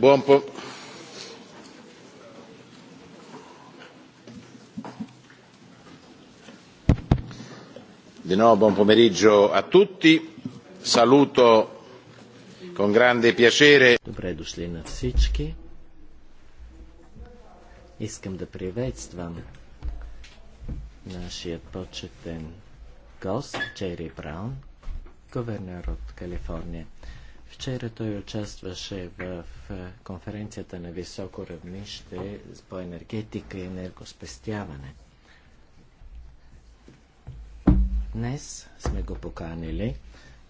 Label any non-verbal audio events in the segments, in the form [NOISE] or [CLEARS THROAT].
Buon po- Di nuovo buon pomeriggio a tutti. Saluto con grande piacere. Добре дошли на всички. Искам да приветствам нашия почетен гост Джери Браун, гувернер от Калифорния. Вчера той участваше в е, конференцията на високо равнище по енергетика и енергоспестяване. Днес сме го поканили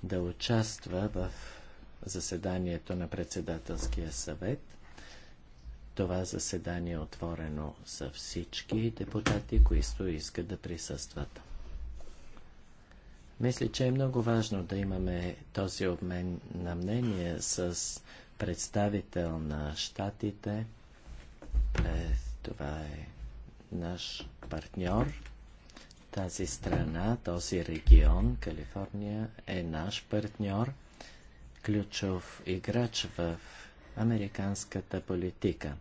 да участва в заседанието на председателския съвет. Това заседание е отворено за всички депутати, които искат да присъстват. Мисля, че е много важно да имаме този обмен на мнение с представител на щатите. Е, това е наш партньор. Тази страна, този регион, Калифорния, е наш партньор, ключов играч в американската политика.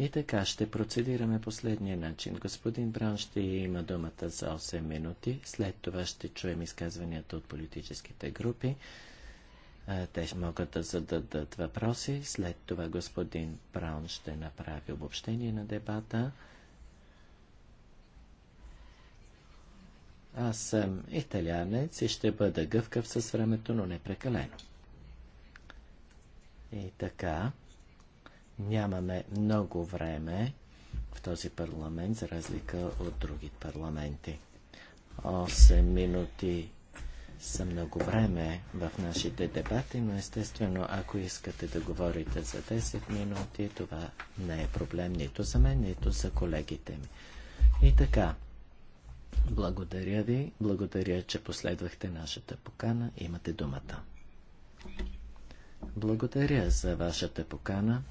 И така ще процедираме последния начин. Господин Бран ще има думата за 8 минути. След това ще чуем изказванията от политическите групи. Те могат да зададат въпроси. След това господин Браун ще направи обобщение на дебата. Аз съм италянец и ще бъда гъвкав с времето, но не прекалено. И така, Нямаме много време в този парламент, за разлика от други парламенти. 8 минути са много време в нашите дебати, но естествено, ако искате да говорите за 10 минути, това не е проблем нито за мен, нито за колегите ми. И така, благодаря ви, благодаря, че последвахте нашата покана, имате думата. Благодаря за вашата покана.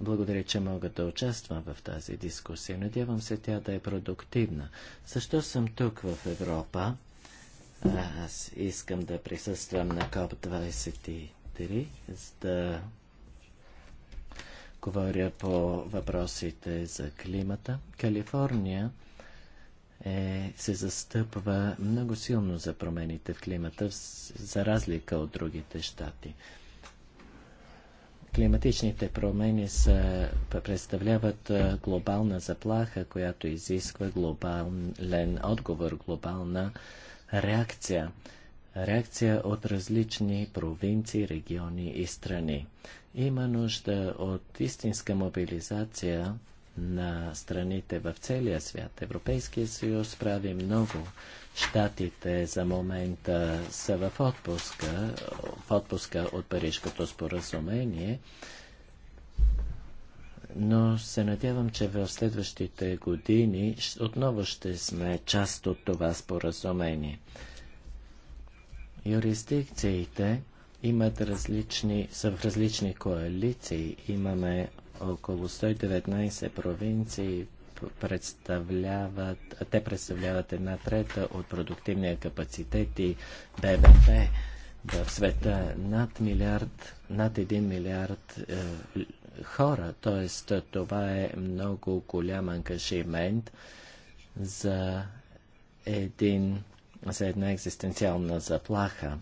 Благодаря, че мога да участвам в тази дискусия. Надявам се тя да е продуктивна. Защо съм тук в Европа? Аз искам да присъствам на КОП-23, за да говоря по въпросите за климата. Калифорния е, се застъпва много силно за промените в климата, за разлика от другите щати. Климатичните промени са, представляват глобална заплаха, която изисква глобален отговор, глобална реакция. Реакция от различни провинции, региони и страни. Има нужда от истинска мобилизация на страните в целия свят. Европейския съюз прави много. Штатите за момента са в отпуска, в отпуска от Парижкото споразумение, но се надявам, че в следващите години отново ще сме част от това споразумение. Юрисдикциите имат различни, са в различни коалиции. Имаме около 119 провинции представляват, те представляват една трета от продуктивния капацитет и БВП в света над милиард, над 1 милиард е, хора. Тоест, това е много голям ангажимент за един за една екзистенциална заплаха.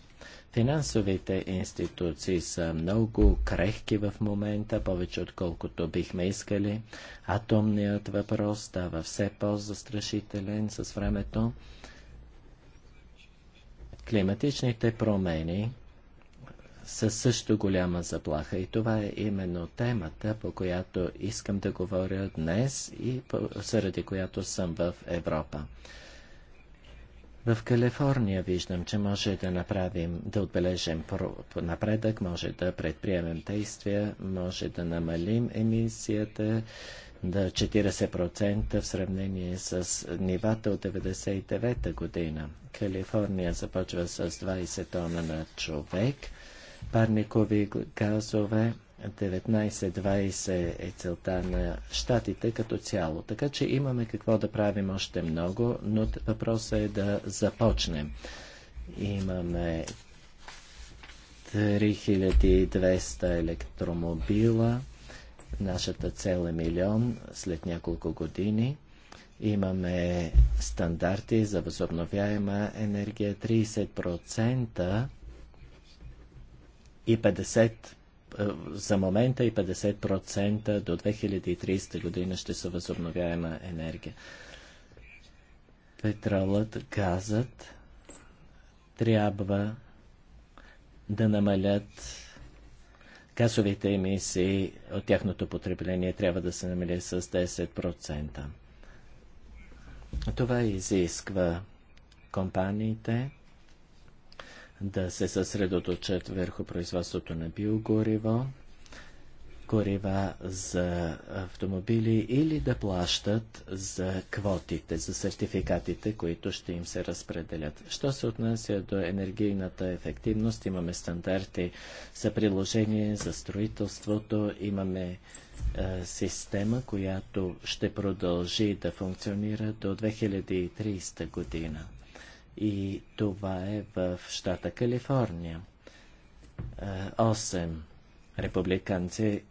Финансовите институции са много крехки в момента, повече отколкото бихме искали. Атомният въпрос става все по-застрашителен с времето. Климатичните промени са също голяма заплаха и това е именно темата, по която искам да говоря днес и по, заради която съм в Европа. В Калифорния виждам, че може да направим, да отбележим напредък, може да предприемем действия, може да намалим емисията да 40% в сравнение с нивата от 99-та година. Калифорния започва с 20 тона на човек, парникови газове 19-20 е целта на щатите като цяло. Така че имаме какво да правим още много, но въпросът е да започнем. Имаме 3200 електромобила. Нашата цел е милион след няколко години. Имаме стандарти за възобновяема енергия 30% и 50% за момента и 50% до 2030 година ще са възобновяема енергия. Петролът, газът трябва да намалят газовите емисии от тяхното потребление трябва да се намали с 10%. Това изисква компаниите да се съсредоточат върху производството на биогориво, горива за автомобили или да плащат за квотите, за сертификатите, които ще им се разпределят. Що се отнася до енергийната ефективност, имаме стандарти за приложение, за строителството, имаме е, система, която ще продължи да функционира до 2030 година и това е в щата Калифорния. 8 е, републиканци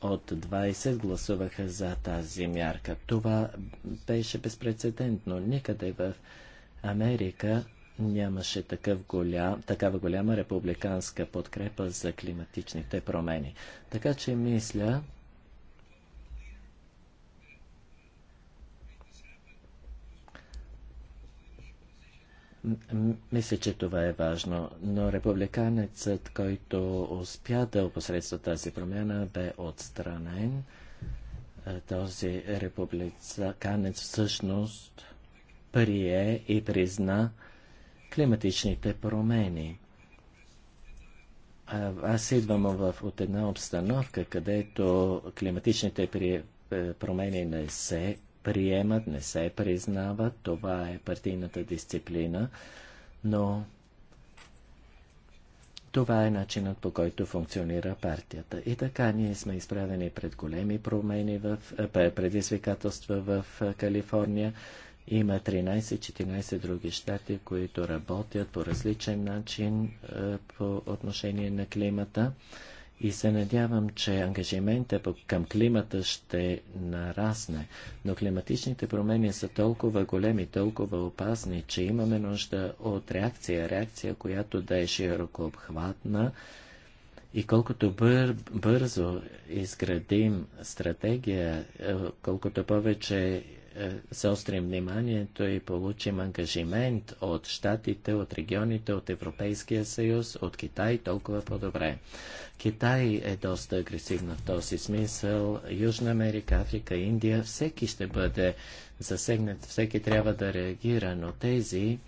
от 20 гласуваха за тази мярка. Това беше безпредседентно. Никъде в Америка нямаше такъв голям, такава голяма републиканска подкрепа за климатичните промени. Така че мисля, Мисля, че това е важно, но републиканецът, който успя да опосредства тази промяна, бе отстранен. Е, този републиканец всъщност прие и призна климатичните промени. Аз идвам в, от една обстановка, където климатичните е, промени не се приемат, не се признават. Това е партийната дисциплина, но това е начинът по който функционира партията. И така ние сме изправени пред големи промени в е, предизвикателства в е, Калифорния. Има 13-14 други щати, които работят по различен начин е, по отношение на климата и се надявам, че ангажимента към климата ще нарасне. Но климатичните промени са толкова големи, толкова опасни, че имаме нужда от реакция. Реакция, която да е широко обхватна. И колкото бър, бързо изградим стратегия, е, колкото повече заострим вниманието и получим ангажимент от щатите, от регионите, от Европейския съюз, от Китай, толкова по-добре. Китай е доста агресивна в този смисъл. Южна Америка, Африка, Индия, всеки ще бъде засегнат, всеки трябва да реагира, но тези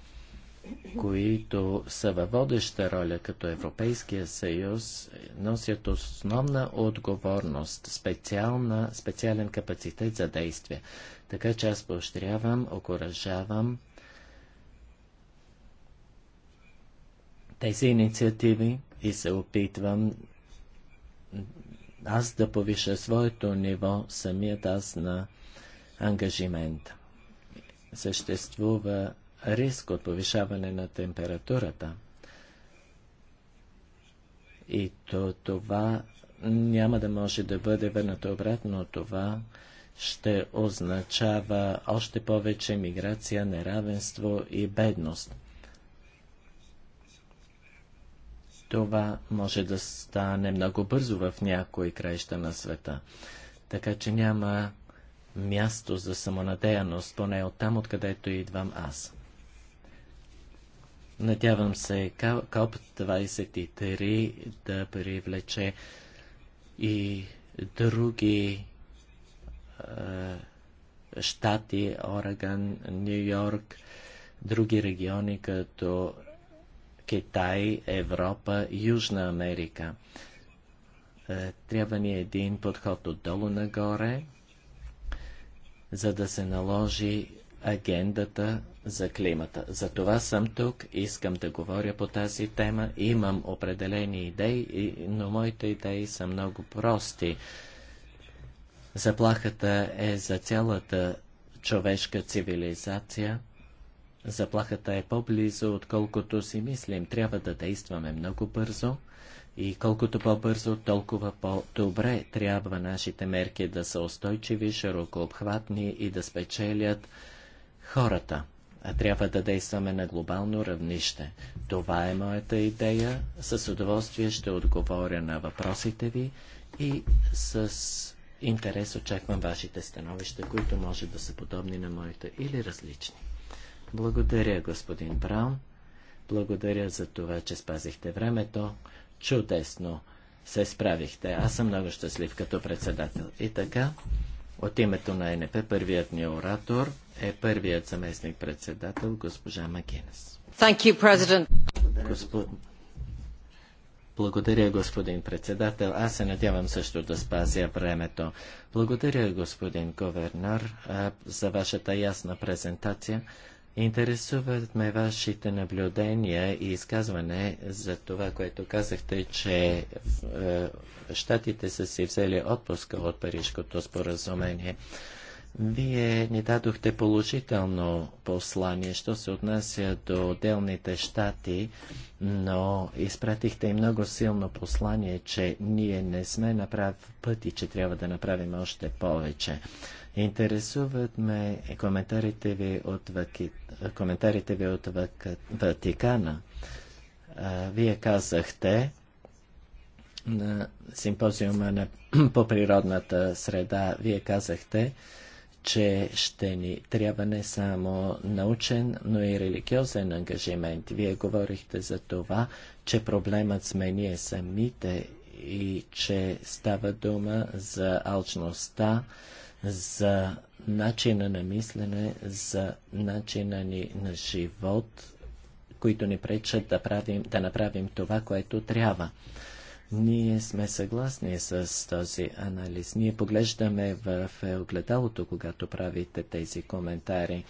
които са във водеща роля като Европейския съюз, носят основна отговорност, специална, специален капацитет за действие. Така че аз поощрявам, окоръжавам тези инициативи и се опитвам аз да повиша своето ниво, самият аз на ангажимент. Съществува риск от повишаване на температурата. И то, това няма да може да бъде върнато обратно. Това ще означава още повече миграция, неравенство и бедност. Това може да стане много бързо в някои краища на света. Така че няма място за самонадеяност, поне от там, откъдето идвам аз. Надявам се КОП-23 да привлече и други е, щати, Орегон, Нью Йорк, други региони като Китай, Европа, Южна Америка. Е, трябва ни един подход отдолу нагоре, за да се наложи агендата за климата. За това съм тук, искам да говоря по тази тема. Имам определени идеи, но моите идеи са много прости. Заплахата е за цялата човешка цивилизация. Заплахата е по-близо, отколкото си мислим. Трябва да действаме много бързо и колкото по-бързо, толкова по-добре трябва нашите мерки да са устойчиви, широко обхватни и да спечелят хората. А трябва да действаме на глобално равнище. Това е моята идея. С удоволствие ще отговоря на въпросите ви и с интерес очаквам вашите становища, които може да са подобни на моите или различни. Благодаря, господин Браун. Благодаря за това, че спазихте времето. Чудесно се справихте. Аз съм много щастлив като председател. И така, от името на НП първият ни оратор е първият заместник председател госпожа Макинес. Благодаря, господин председател. Аз се надявам също да спазя времето. Благодаря, господин говернар, за вашата ясна презентация. Интересуват ме вашите наблюдения и изказване за това, което казахте, че е, щатите са си взели отпуска от Парижкото споразумение. Вие ни дадохте положително послание, що се отнася до отделните щати, но изпратихте и много силно послание, че ние не сме на прав път и че трябва да направим още повече. Интересуват ме коментарите ви от, Ваки... коментарите ви от Вак... Ватикана. вие казахте, на симпозиума на, [CLEARS THROAT] по природната среда, вие казахте, че ще ни трябва не само научен, но и религиозен ангажимент. Вие говорихте за това, че проблемът сме ние самите и че става дума за алчността, за начина на мислене, за начина ни на живот, които ни пречат да, правим, да направим това, което трябва. Ние сме съгласни с този анализ. Ние поглеждаме в огледалото, когато правите тези коментари.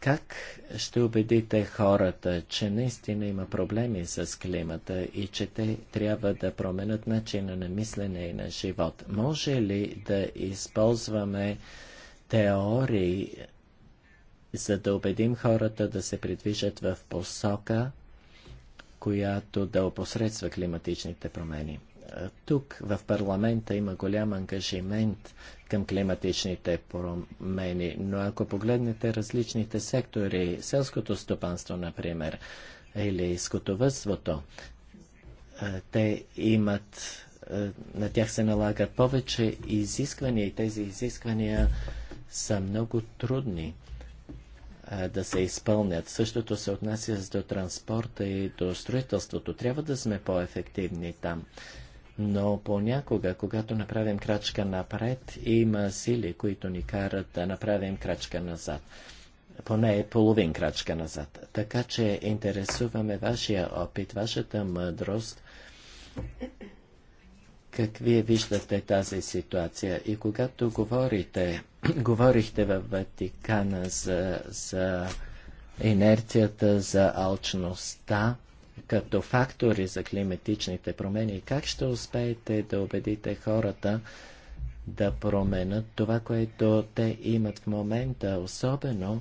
Как ще убедите хората, че наистина има проблеми с климата и че те трябва да променят начина на мислене и на живот? Може ли да използваме теории, за да убедим хората да се придвижат в посока, която да опосредства климатичните промени. Тук в парламента има голям ангажимент към климатичните промени, но ако погледнете различните сектори, селското стопанство, например, или скотовътството, те имат, на тях се налагат повече изисквания и тези изисквания са много трудни да се изпълнят. Същото се отнася до транспорта и до строителството. Трябва да сме по-ефективни там. Но понякога, когато направим крачка напред, има сили, които ни карат да направим крачка назад. Поне половин крачка назад. Така че интересуваме вашия опит, вашата мъдрост. Как вие виждате тази ситуация? И когато говорите [COUGHS] Говорихте в Ватикана за, за инерцията, за алчността като фактори за климатичните промени. Как ще успеете да убедите хората да променят това, което те имат в момента, особено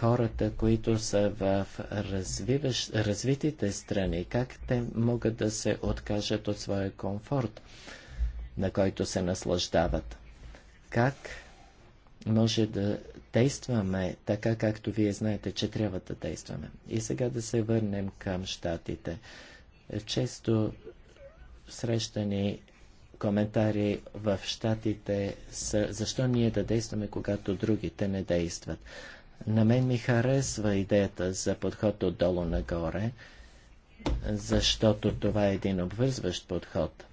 хората, които са в развиваш, развитите страни, как те могат да се откажат от своя комфорт, на който се наслаждават? Как може да действаме така, както вие знаете, че трябва да действаме. И сега да се върнем към щатите. Често срещани коментари в щатите са защо ние да действаме, когато другите не действат. На мен ми харесва идеята за подход отдолу нагоре, защото това е един обвързващ подход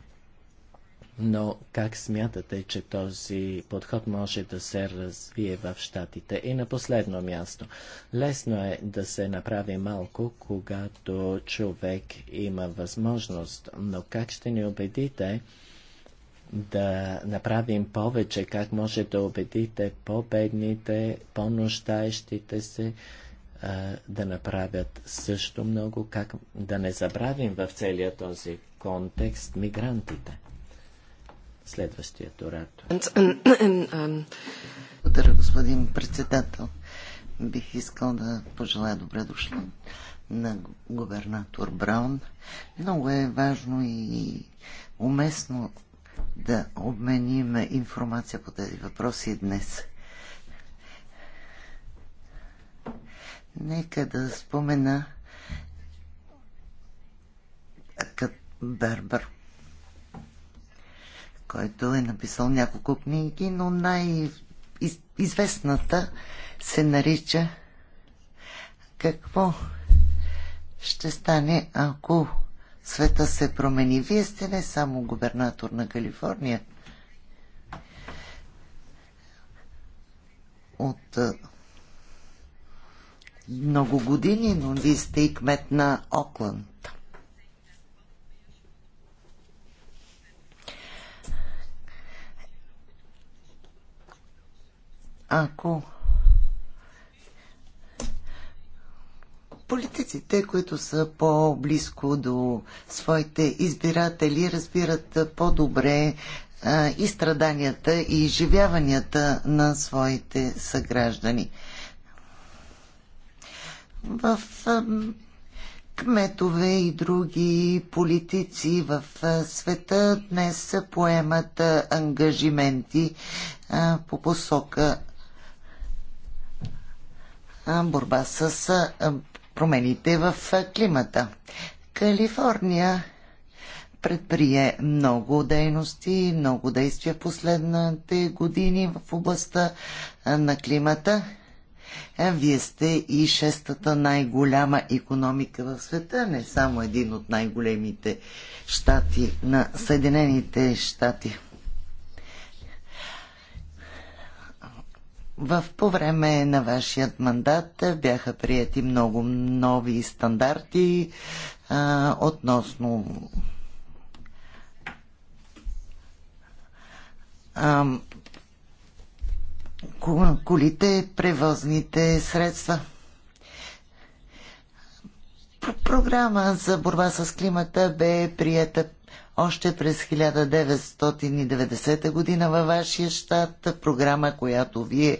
но как смятате, че този подход може да се развие в щатите? И на последно място, лесно е да се направи малко, когато човек има възможност, но как ще ни убедите да направим повече? Как може да убедите по-бедните, по-нуждаещите се? да направят също много, как да не забравим в целия този контекст мигрантите. Следващият оратор. Um, Благодаря, господин председател. Бих искал да пожелая добре дошла на губернатор Браун. Много е важно и уместно да обменим информация по тези въпроси днес. Нека да спомена Бербер който е написал няколко книги, но най-известната се нарича Какво ще стане, ако света се промени? Вие сте не само губернатор на Калифорния, от много години, но вие сте и кмет на Окланд. ако политиците, които са по-близко до своите избиратели, разбират по-добре и страданията, и изживяванията на своите съграждани. В кметове и други политици в света днес поемат ангажименти по посока борба с промените в климата. Калифорния предприе много дейности, много действия в последните години в областта на климата. Е, вие сте и шестата най-голяма економика в света, не само един от най-големите щати на Съединените щати. В по време на вашият мандат бяха прияти много нови стандарти а, относно а, колите, превозните средства. Програма за борба с климата бе прията още през 1990 година във вашия щат, програма, която вие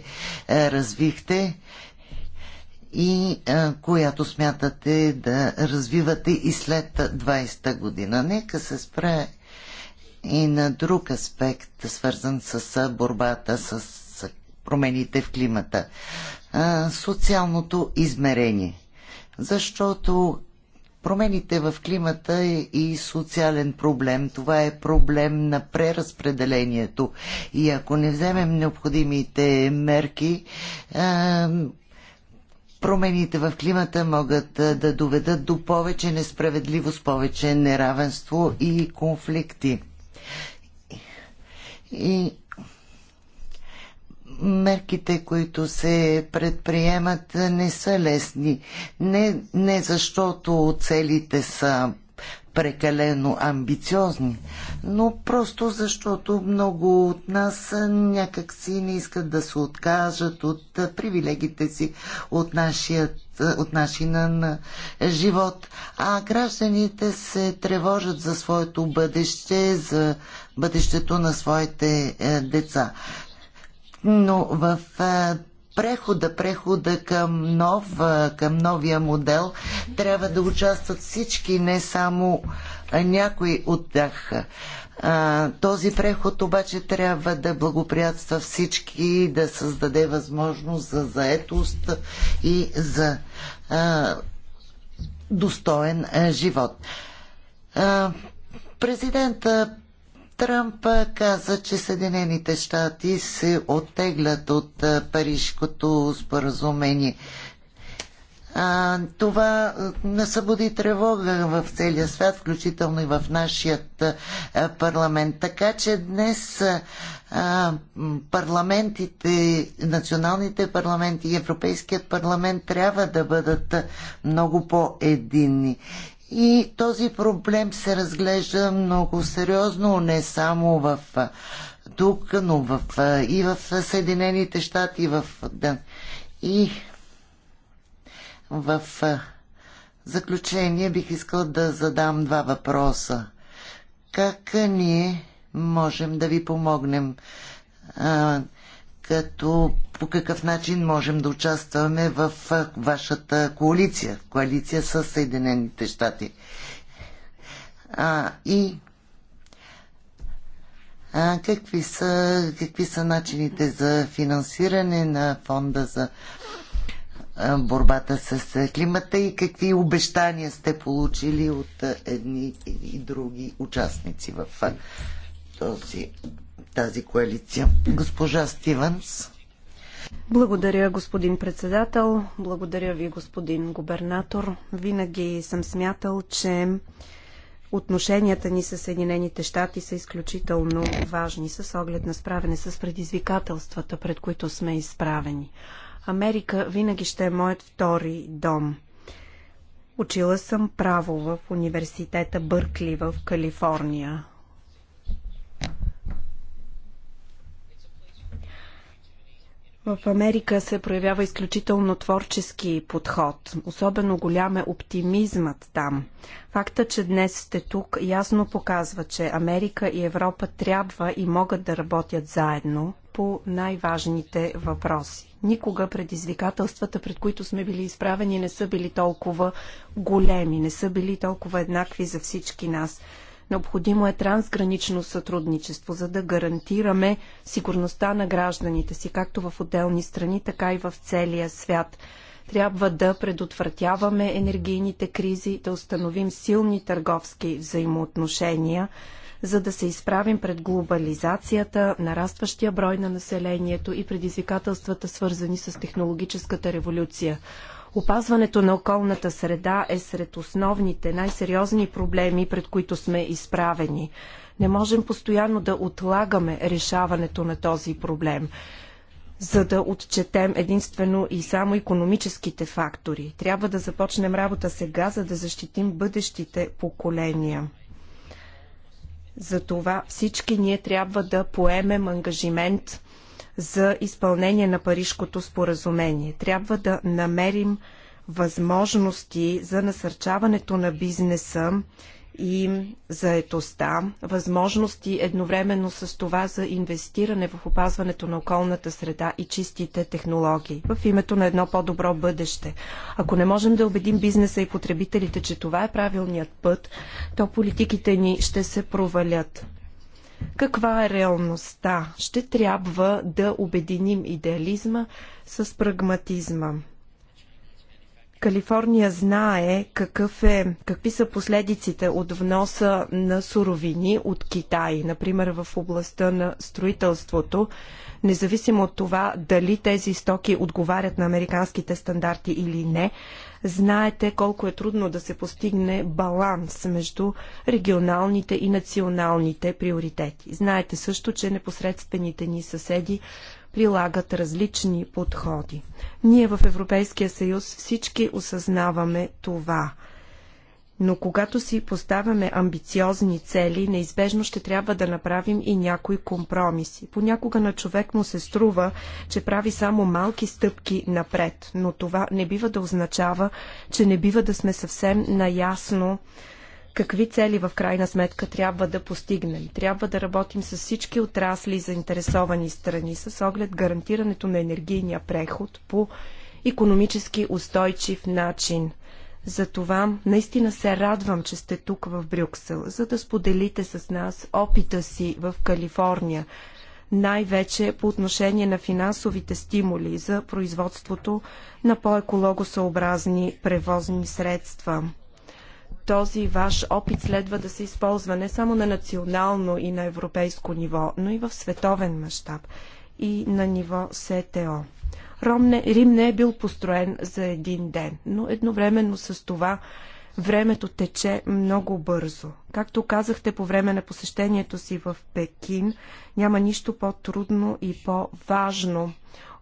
е, развихте и е, която смятате да развивате и след 20-та година. Нека се спре и на друг аспект, свързан с е, борбата с промените в климата. социалното измерение. Защото Промените в климата е и социален проблем. Това е проблем на преразпределението. И ако не вземем необходимите мерки, промените в климата могат да доведат до повече несправедливост, повече неравенство и конфликти. И мерките, които се предприемат, не са лесни. Не, не защото целите са прекалено амбициозни, но просто защото много от нас някак си не искат да се откажат от привилегите си, от, нашият, от нашина на живот. А гражданите се тревожат за своето бъдеще, за бъдещето на своите е, деца но в прехода, прехода към, нов, към новия модел трябва да участват всички, не само някои от тях. Този преход обаче трябва да благоприятства всички, и да създаде възможност за заетост и за а, достоен живот. А, президента Тръмп каза, че Съединените щати се оттеглят от Парижкото споразумение. А, това насъбуди тревога в целия свят, включително и в нашият парламент. Така че днес а, парламентите, националните парламенти и Европейският парламент трябва да бъдат много по-единни. И този проблем се разглежда много сериозно, не само в тук, но в, и в Съединените щати, в, да, и в заключение бих искал да задам два въпроса. Как ние можем да ви помогнем а, като по какъв начин можем да участваме в вашата коалиция, коалиция с Съединените щати. А, и а, какви, са, какви са начините за финансиране на фонда за борбата с климата и какви обещания сте получили от едни и други участници в този, тази коалиция. Госпожа Стивенс. Благодаря, господин председател. Благодаря ви, господин губернатор. Винаги съм смятал, че отношенията ни с Съединените щати са изключително важни с оглед на справяне с предизвикателствата, пред които сме изправени. Америка винаги ще е моят втори дом. Учила съм право в университета Бъркли в Калифорния. В Америка се проявява изключително творчески подход. Особено голям е оптимизмът там. Факта, че днес сте тук, ясно показва, че Америка и Европа трябва и могат да работят заедно по най-важните въпроси. Никога предизвикателствата, пред които сме били изправени, не са били толкова големи, не са били толкова еднакви за всички нас. Необходимо е трансгранично сътрудничество, за да гарантираме сигурността на гражданите си, както в отделни страни, така и в целия свят. Трябва да предотвратяваме енергийните кризи, да установим силни търговски взаимоотношения, за да се изправим пред глобализацията, нарастващия брой на населението и предизвикателствата, свързани с технологическата революция. Опазването на околната среда е сред основните, най-сериозни проблеми, пред които сме изправени. Не можем постоянно да отлагаме решаването на този проблем, за да отчетем единствено и само економическите фактори. Трябва да започнем работа сега, за да защитим бъдещите поколения. Затова всички ние трябва да поемем ангажимент за изпълнение на Парижкото споразумение. Трябва да намерим възможности за насърчаването на бизнеса и заетостта, възможности едновременно с това за инвестиране в опазването на околната среда и чистите технологии в името на едно по-добро бъдеще. Ако не можем да убедим бизнеса и потребителите, че това е правилният път, то политиките ни ще се провалят. Каква е реалността? Ще трябва да обединим идеализма с прагматизма. Калифорния знае какъв е, какви са последиците от вноса на суровини от Китай, например в областта на строителството, независимо от това дали тези стоки отговарят на американските стандарти или не, Знаете колко е трудно да се постигне баланс между регионалните и националните приоритети. Знаете също, че непосредствените ни съседи прилагат различни подходи. Ние в Европейския съюз всички осъзнаваме това – но когато си поставяме амбициозни цели, неизбежно ще трябва да направим и някои компромиси. Понякога на човек му се струва, че прави само малки стъпки напред, но това не бива да означава, че не бива да сме съвсем наясно какви цели в крайна сметка трябва да постигнем. Трябва да работим с всички отрасли и заинтересовани страни с оглед гарантирането на енергийния преход по економически устойчив начин – затова наистина се радвам, че сте тук в Брюксел, за да споделите с нас опита си в Калифорния, най-вече по отношение на финансовите стимули за производството на по-екологосъобразни превозни средства. Този ваш опит следва да се използва не само на национално и на европейско ниво, но и в световен мащаб и на ниво СТО. Ром не, Рим не е бил построен за един ден, но едновременно с това времето тече много бързо. Както казахте по време на посещението си в Пекин, няма нищо по-трудно и по-важно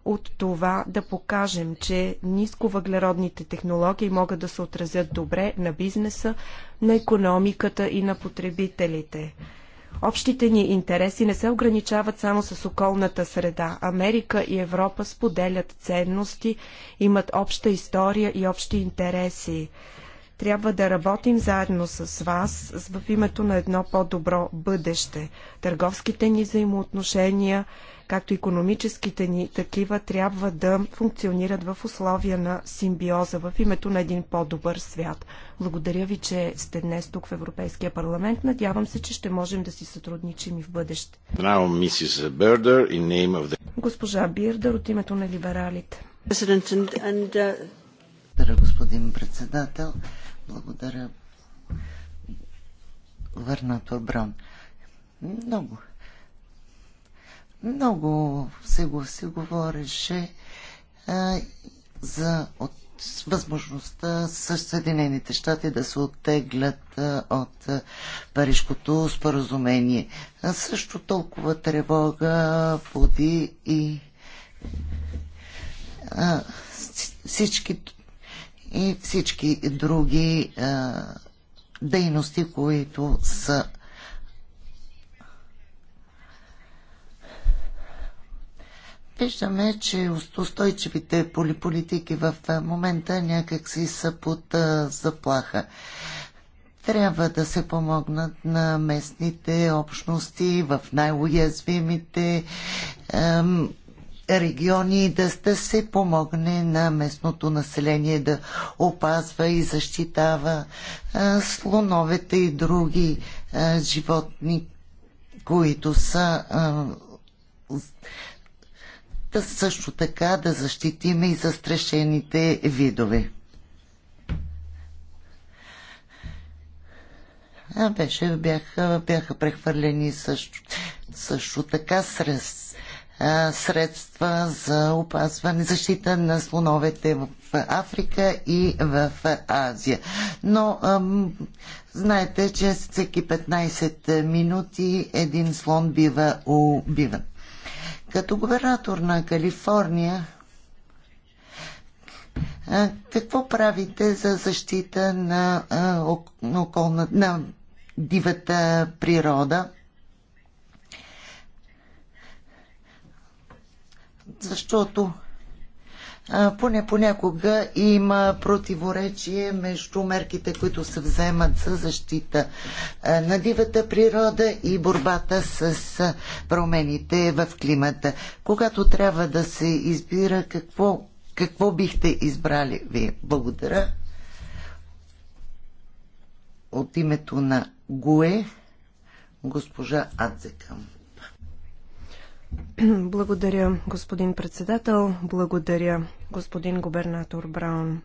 от това да покажем, че нисковъглеродните технологии могат да се отразят добре на бизнеса, на економиката и на потребителите. Общите ни интереси не се ограничават само с околната среда. Америка и Европа споделят ценности, имат обща история и общи интереси. Трябва да работим заедно с вас в името на едно по-добро бъдеще. Търговските ни взаимоотношения, както економическите ни такива, трябва да функционират в условия на симбиоза в името на един по-добър свят. Благодаря ви, че сте днес тук в Европейския парламент. Надявам се, че ще можем да си сътрудничим и в бъдеще. Госпожа Бирдър от името на либералите. Uh, Благодаря, господин председател. Благодаря. Върнато Брон. Много. Много се, го, се говореше а, за от възможността Съединените щати да се оттеглят от Парижкото споразумение. Също толкова тревога поди и всички и всички други а, е, дейности, които са Виждаме, че устойчивите политики в е, момента някакси са под а, е, заплаха. Трябва да се помогнат на местните общности в най-уязвимите региони да, да се помогне на местното население да опазва и защитава а, слоновете и други а, животни, които са а, да също така да защитиме и застрашените видове. А беше, бяха, бяха прехвърлени също, също така сръст средства за опазване, защита на слоновете в Африка и в Азия. Но ам, знаете, че всеки 15 минути един слон бива убиван. Като губернатор на Калифорния, какво правите за защита на, околна, на дивата природа? защото поне понякога има противоречие между мерките, които се вземат за защита на дивата природа и борбата с промените в климата. Когато трябва да се избира какво, какво бихте избрали ви? Благодаря. От името на ГУЕ, госпожа Адзекам. Благодаря, господин председател. Благодаря, господин губернатор Браун.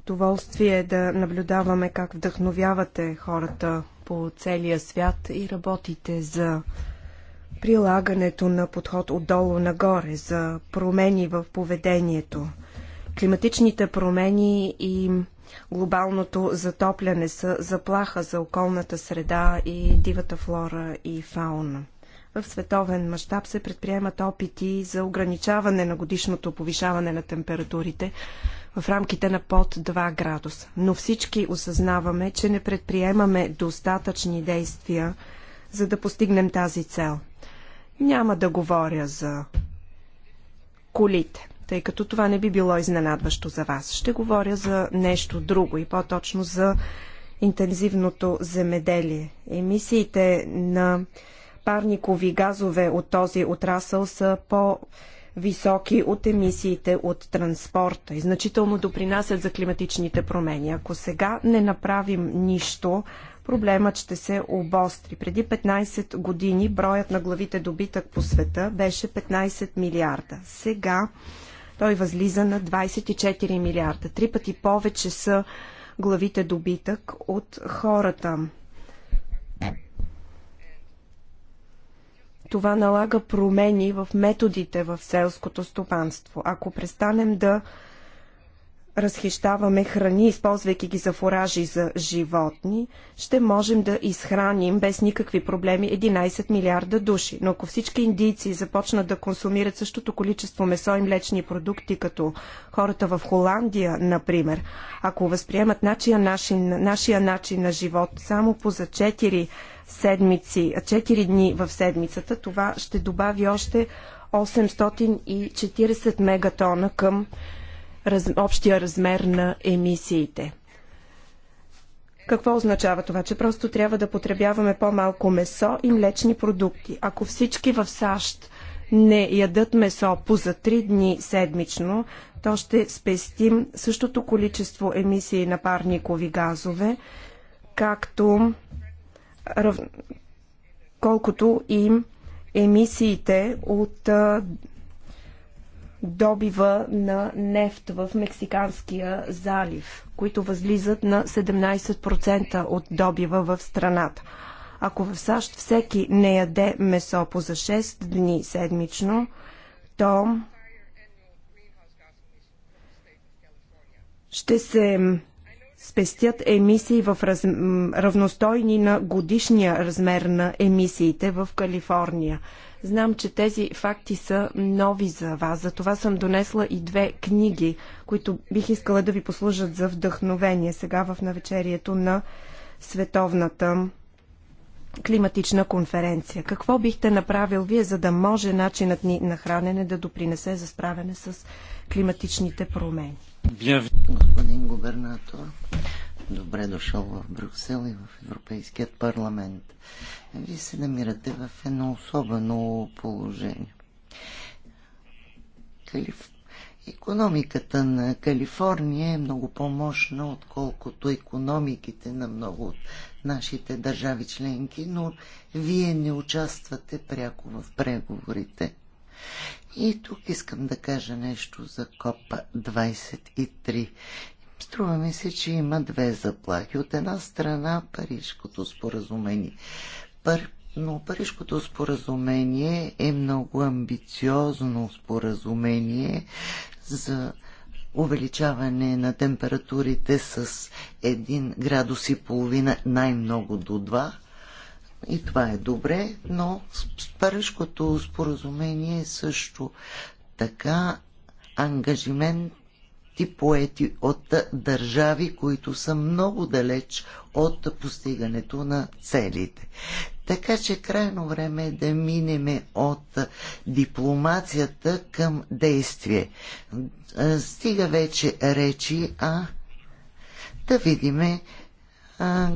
Удоволствие е да наблюдаваме как вдъхновявате хората по целия свят и работите за прилагането на подход отдолу нагоре, за промени в поведението. Климатичните промени и глобалното затопляне са заплаха за околната среда и дивата флора и фауна. В световен мащаб се предприемат опити за ограничаване на годишното повишаване на температурите в рамките на под 2 градуса. Но всички осъзнаваме, че не предприемаме достатъчни действия, за да постигнем тази цел. Няма да говоря за колите тъй като това не би било изненадващо за вас. Ще говоря за нещо друго и по-точно за интензивното земеделие. Емисиите на парникови газове от този отрасъл са по- високи от емисиите от транспорта и значително допринасят за климатичните промени. Ако сега не направим нищо, проблемът ще се обостри. Преди 15 години броят на главите добитък по света беше 15 милиарда. Сега той възлиза на 24 милиарда. Три пъти повече са главите добитък от хората. Това налага промени в методите в селското стопанство. Ако престанем да разхищаваме храни, използвайки ги за фуражи за животни, ще можем да изхраним без никакви проблеми 11 милиарда души. Но ако всички индийци започнат да консумират същото количество месо и млечни продукти, като хората в Холандия, например, ако възприемат нашия начин, нашия начин на живот само по за 4 седмици, 4 дни в седмицата, това ще добави още 840 мегатона към раз, общия размер на емисиите. Какво означава това? Че просто трябва да потребяваме по-малко месо и млечни продукти. Ако всички в САЩ не ядат месо по за 3 дни седмично, то ще спестим същото количество емисии на парникови газове, както колкото и емисиите от добива на нефт в Мексиканския залив, които възлизат на 17% от добива в страната. Ако в САЩ всеки не яде месо по за 6 дни седмично, то ще се спестят емисии в раз... равностойни на годишния размер на емисиите в Калифорния. Знам, че тези факти са нови за вас, затова съм донесла и две книги, които бих искала да ви послужат за вдъхновение сега в навечерието на световната климатична конференция. Какво бихте направил вие, за да може начинът ни на хранене да допринесе за справяне с климатичните промени? Господин губернатор, добре дошъл в Брюксел и в Европейският парламент. Вие се намирате в едно особено положение. Калиф... Економиката на Калифорния е много по-мощна, отколкото економиките на много от нашите държави членки, но вие не участвате пряко в преговорите. И тук искам да кажа нещо за КОП 23. Струва ми се, че има две заплахи. От една страна Парижкото споразумение. Пър... Но Парижкото споразумение е много амбициозно споразумение за увеличаване на температурите с 1 градус и половина, най-много до 2. И това е добре, но Парижкото споразумение е също така ангажимент ти поети от държави, които са много далеч от постигането на целите. Така че крайно време е да минеме от дипломацията към действие. Стига вече речи, а да видиме а,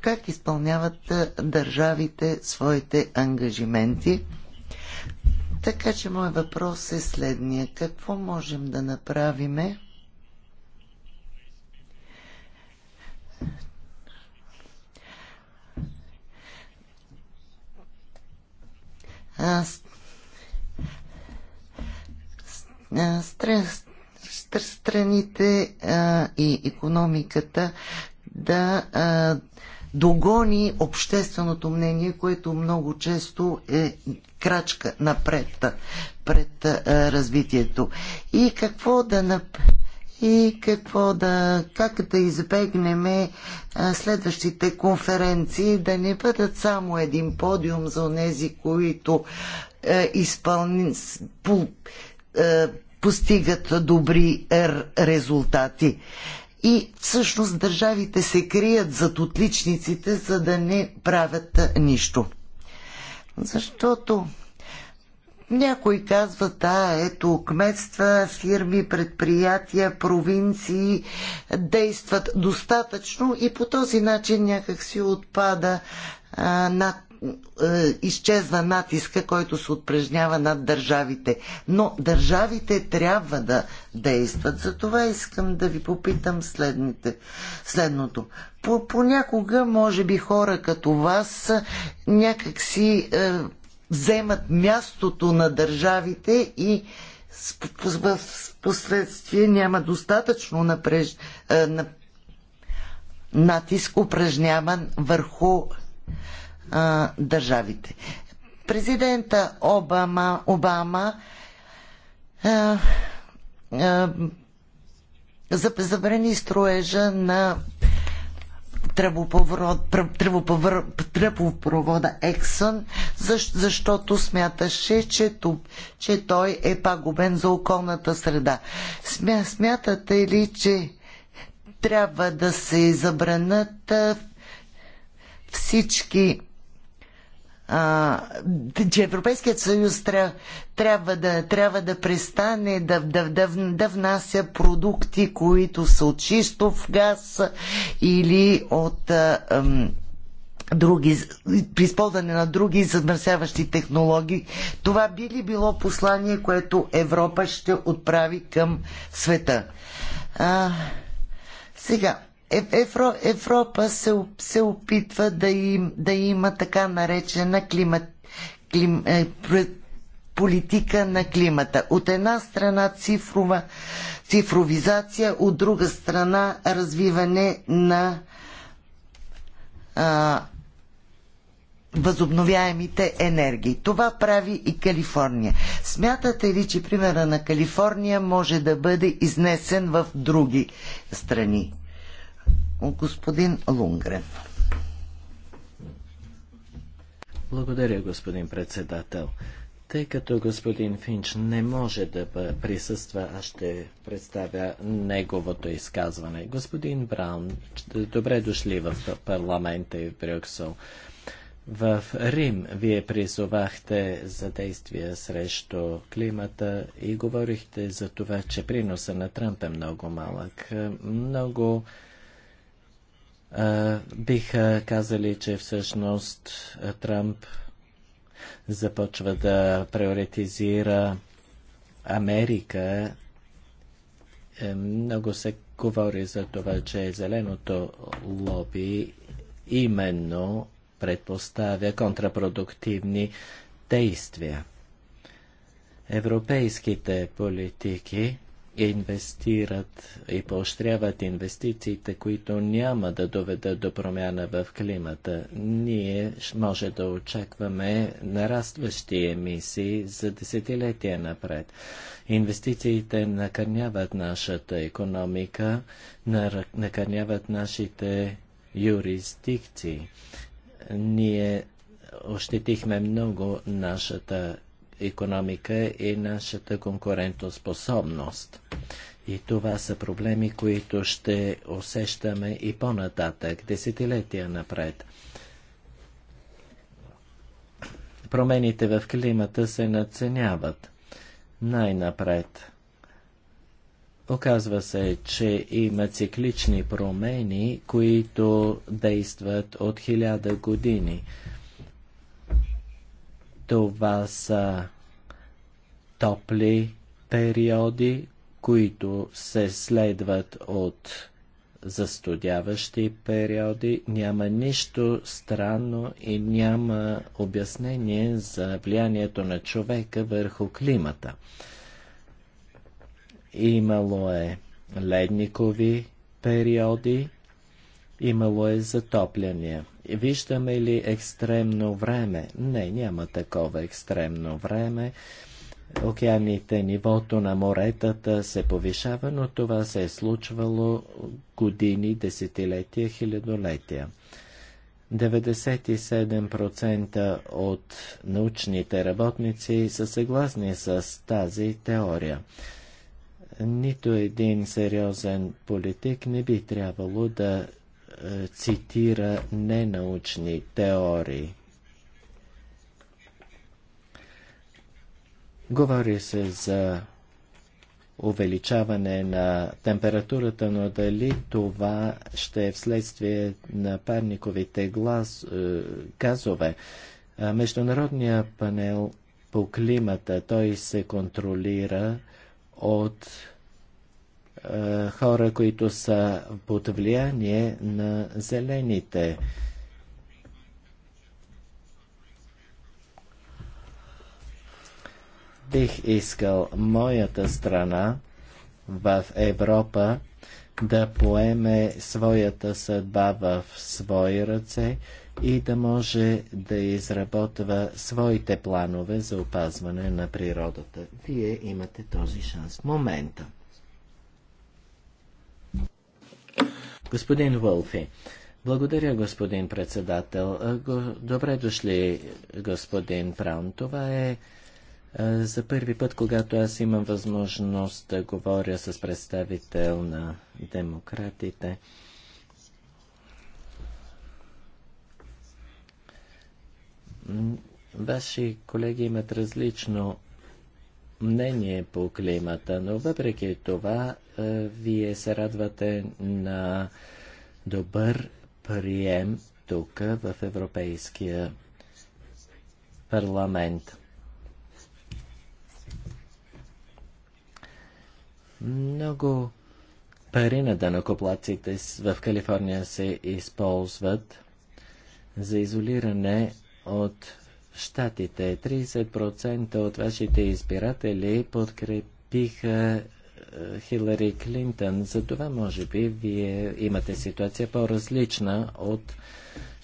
как изпълняват държавите своите ангажименти така че моят въпрос е следния. Какво можем да направиме? Аз страните и економиката да а, догони общественото мнение, което много често е крачка напред пред развитието. И какво да нап... И какво да, как да избегнем следващите конференции, да не бъдат само един подиум за тези, които е, изпълни, по, е, постигат добри е, резултати и всъщност държавите се крият зад отличниците, за да не правят нищо. Защото някои казват, а ето кметства, фирми, предприятия, провинции действат достатъчно и по този начин някак си отпада а, над е, изчезва натиска, който се отпражнява над държавите. Но държавите трябва да действат. Затова искам да ви попитам следните, следното. По, понякога, може би, хора като вас някакси е, вземат мястото на държавите и в последствие няма достатъчно напреж... Е, натиск упражняван върху а, държавите. Президента Обама, Обама а, а, забрани строежа на тръбопровода Ексън, защото смяташе, че, че той е пагубен за околната среда. Смя, смятате ли, че трябва да се забранат всички а, че Европейският съюз трябва, трябва, да, трябва да престане да, да, да, да внася продукти, които са от чистов газ или от а, ам, други, при използване на други замърсяващи технологии. Това би ли било послание, което Европа ще отправи към света? А, сега, Евро, Европа се, се опитва да, им, да има така наречена климат, клим, е, политика на климата. От една страна цифрова, цифровизация, от друга страна развиване на а, възобновяемите енергии. Това прави и Калифорния. Смятате ли, че примера на Калифорния може да бъде изнесен в други страни? господин Лунгрен. Благодаря, господин председател. Тъй като господин Финч не може да присъства, аз ще представя неговото изказване. Господин Браун, добре дошли в парламента и в Брюксел. В Рим вие призовахте за действия срещу климата и говорихте за това, че приноса на Трамп е много малък. Много биха казали, че всъщност Трамп започва да приоритизира Америка. Е, много се говори за това, че зеленото лоби именно предпоставя контрапродуктивни действия. Европейските политики инвестират и поощряват инвестициите, които няма да доведат до промяна в климата. Ние може да очакваме нарастващи емисии за десетилетия напред. Инвестициите накърняват нашата економика, накърняват нашите юрисдикции. Ние ощетихме много нашата економика и нашата конкурентоспособност. И това са проблеми, които ще усещаме и по-нататък, десетилетия напред. Промените в климата се наценяват Най-напред. Оказва се, че има циклични промени, които действат от хиляда години. Това са топли периоди, които се следват от застудяващи периоди. Няма нищо странно и няма обяснение за влиянието на човека върху климата. Имало е ледникови периоди, имало е затопляния. Виждаме ли екстремно време? Не, няма такова екстремно време. Океаните, нивото на моретата се повишава, но това се е случвало години, десетилетия, хилядолетия. 97% от научните работници са съгласни с тази теория. Нито един сериозен политик не би трябвало да е, цитира ненаучни теории. Говори се за увеличаване на температурата, но дали това ще е вследствие на парниковите глас е, газове. Международният панел по климата, той се контролира от е, хора, които са под влияние на зелените. Бих искал моята страна в Европа да поеме своята съдба в свои ръце и да може да изработва своите планове за опазване на природата. Вие имате този шанс в момента. Господин Волфи, благодаря, господин председател. Е, добре дошли, господин Праун. Това е, е за първи път, когато аз имам възможност да говоря с представител на демократите. Ваши колеги имат различно мнение по климата, но въпреки това е, вие се радвате на добър прием тук в Европейския парламент. Много пари на данокоплаците в Калифорния се използват за изолиране от щатите. 30% от вашите избиратели подкрепиха Хилари Клинтън. За това, може би, вие имате ситуация по-различна от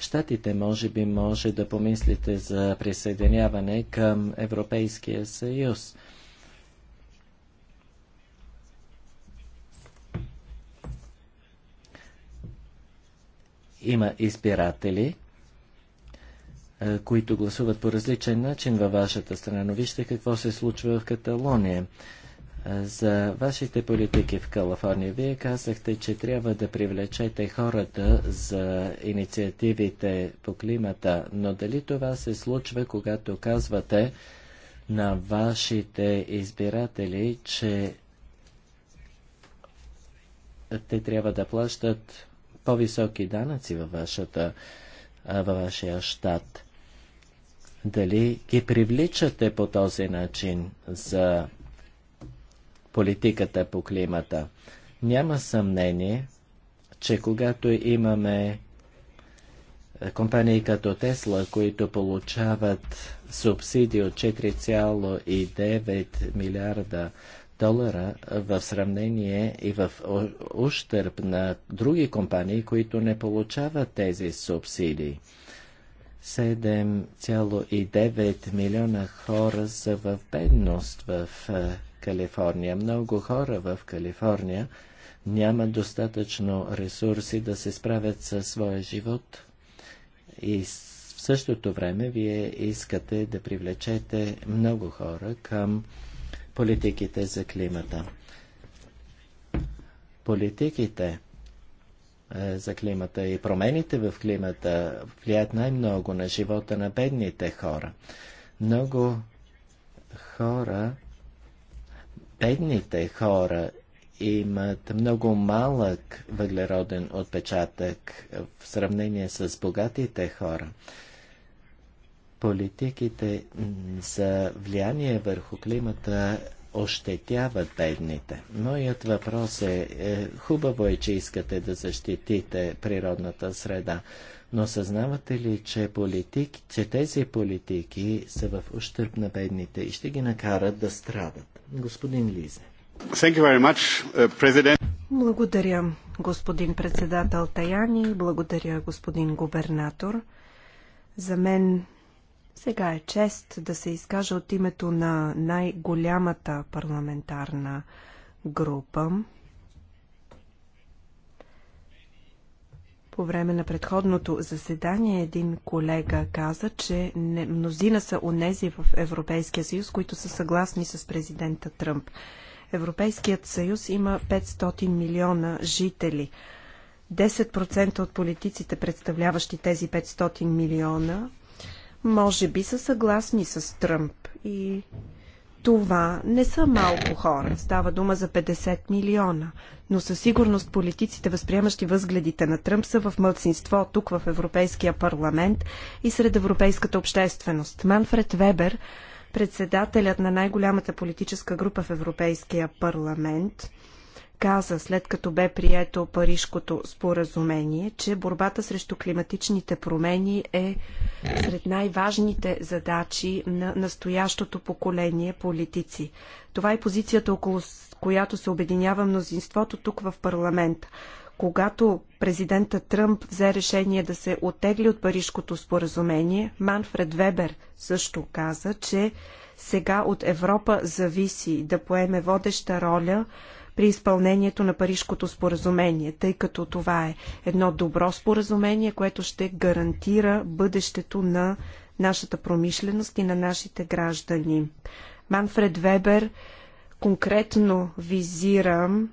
щатите. Може би може да помислите за присъединяване към Европейския съюз. Има избиратели, които гласуват по различен начин във вашата страна. Но вижте какво се случва в Каталония за вашите политики в Калифорния. Вие казахте, че трябва да привлечете хората за инициативите по климата, но дали това се случва, когато казвате на вашите избиратели, че те трябва да плащат по-високи данъци във, вашата, във вашия щат? Дали ги привличате по този начин за политиката по климата. Няма съмнение, че когато имаме е, компании като Тесла, които получават субсидии от 4,9 милиарда долара в сравнение и в ущърп на други компании, които не получават тези субсидии. 7,9 милиона хора са в бедност в е, Калифорния. Много хора в Калифорния нямат достатъчно ресурси да се справят със своя живот. И в същото време вие искате да привлечете много хора към политиките за климата. Политиките е, за климата и промените в климата влияят най-много на живота на бедните хора. Много хора, бедните хора имат много малък въглероден отпечатък в сравнение с богатите хора. Политиките за влияние върху климата ощетяват бедните. Моят въпрос е, е, хубаво е, че искате да защитите природната среда, но съзнавате ли, че, политик, че тези политики са в ущърп на бедните и ще ги накарат да страдат? Господин Лизе. Thank you very much, uh, President. Благодаря, господин председател Таяни, благодаря, господин губернатор. За мен сега е чест да се изкажа от името на най-голямата парламентарна група. По време на предходното заседание един колега каза, че не, мнозина са онези в Европейския съюз, които са съгласни с президента Тръмп. Европейският съюз има 500 милиона жители. 10% от политиците, представляващи тези 500 милиона, може би са съгласни с Тръмп и това не са малко хора. Става дума за 50 милиона. Но със сигурност политиците, възприемащи възгледите на Тръмп, са в мълцинство тук в Европейския парламент и сред европейската общественост. Манфред Вебер, председателят на най-голямата политическа група в Европейския парламент, каза, след като бе прието Парижкото споразумение, че борбата срещу климатичните промени е сред най-важните задачи на настоящото поколение политици. Това е позицията, около която се обединява мнозинството тук в парламента. Когато президента Тръмп взе решение да се отегли от Парижкото споразумение, Манфред Вебер също каза, че сега от Европа зависи да поеме водеща роля при изпълнението на Парижкото споразумение, тъй като това е едно добро споразумение, което ще гарантира бъдещето на нашата промишленост и на нашите граждани. Манфред Вебер конкретно визирам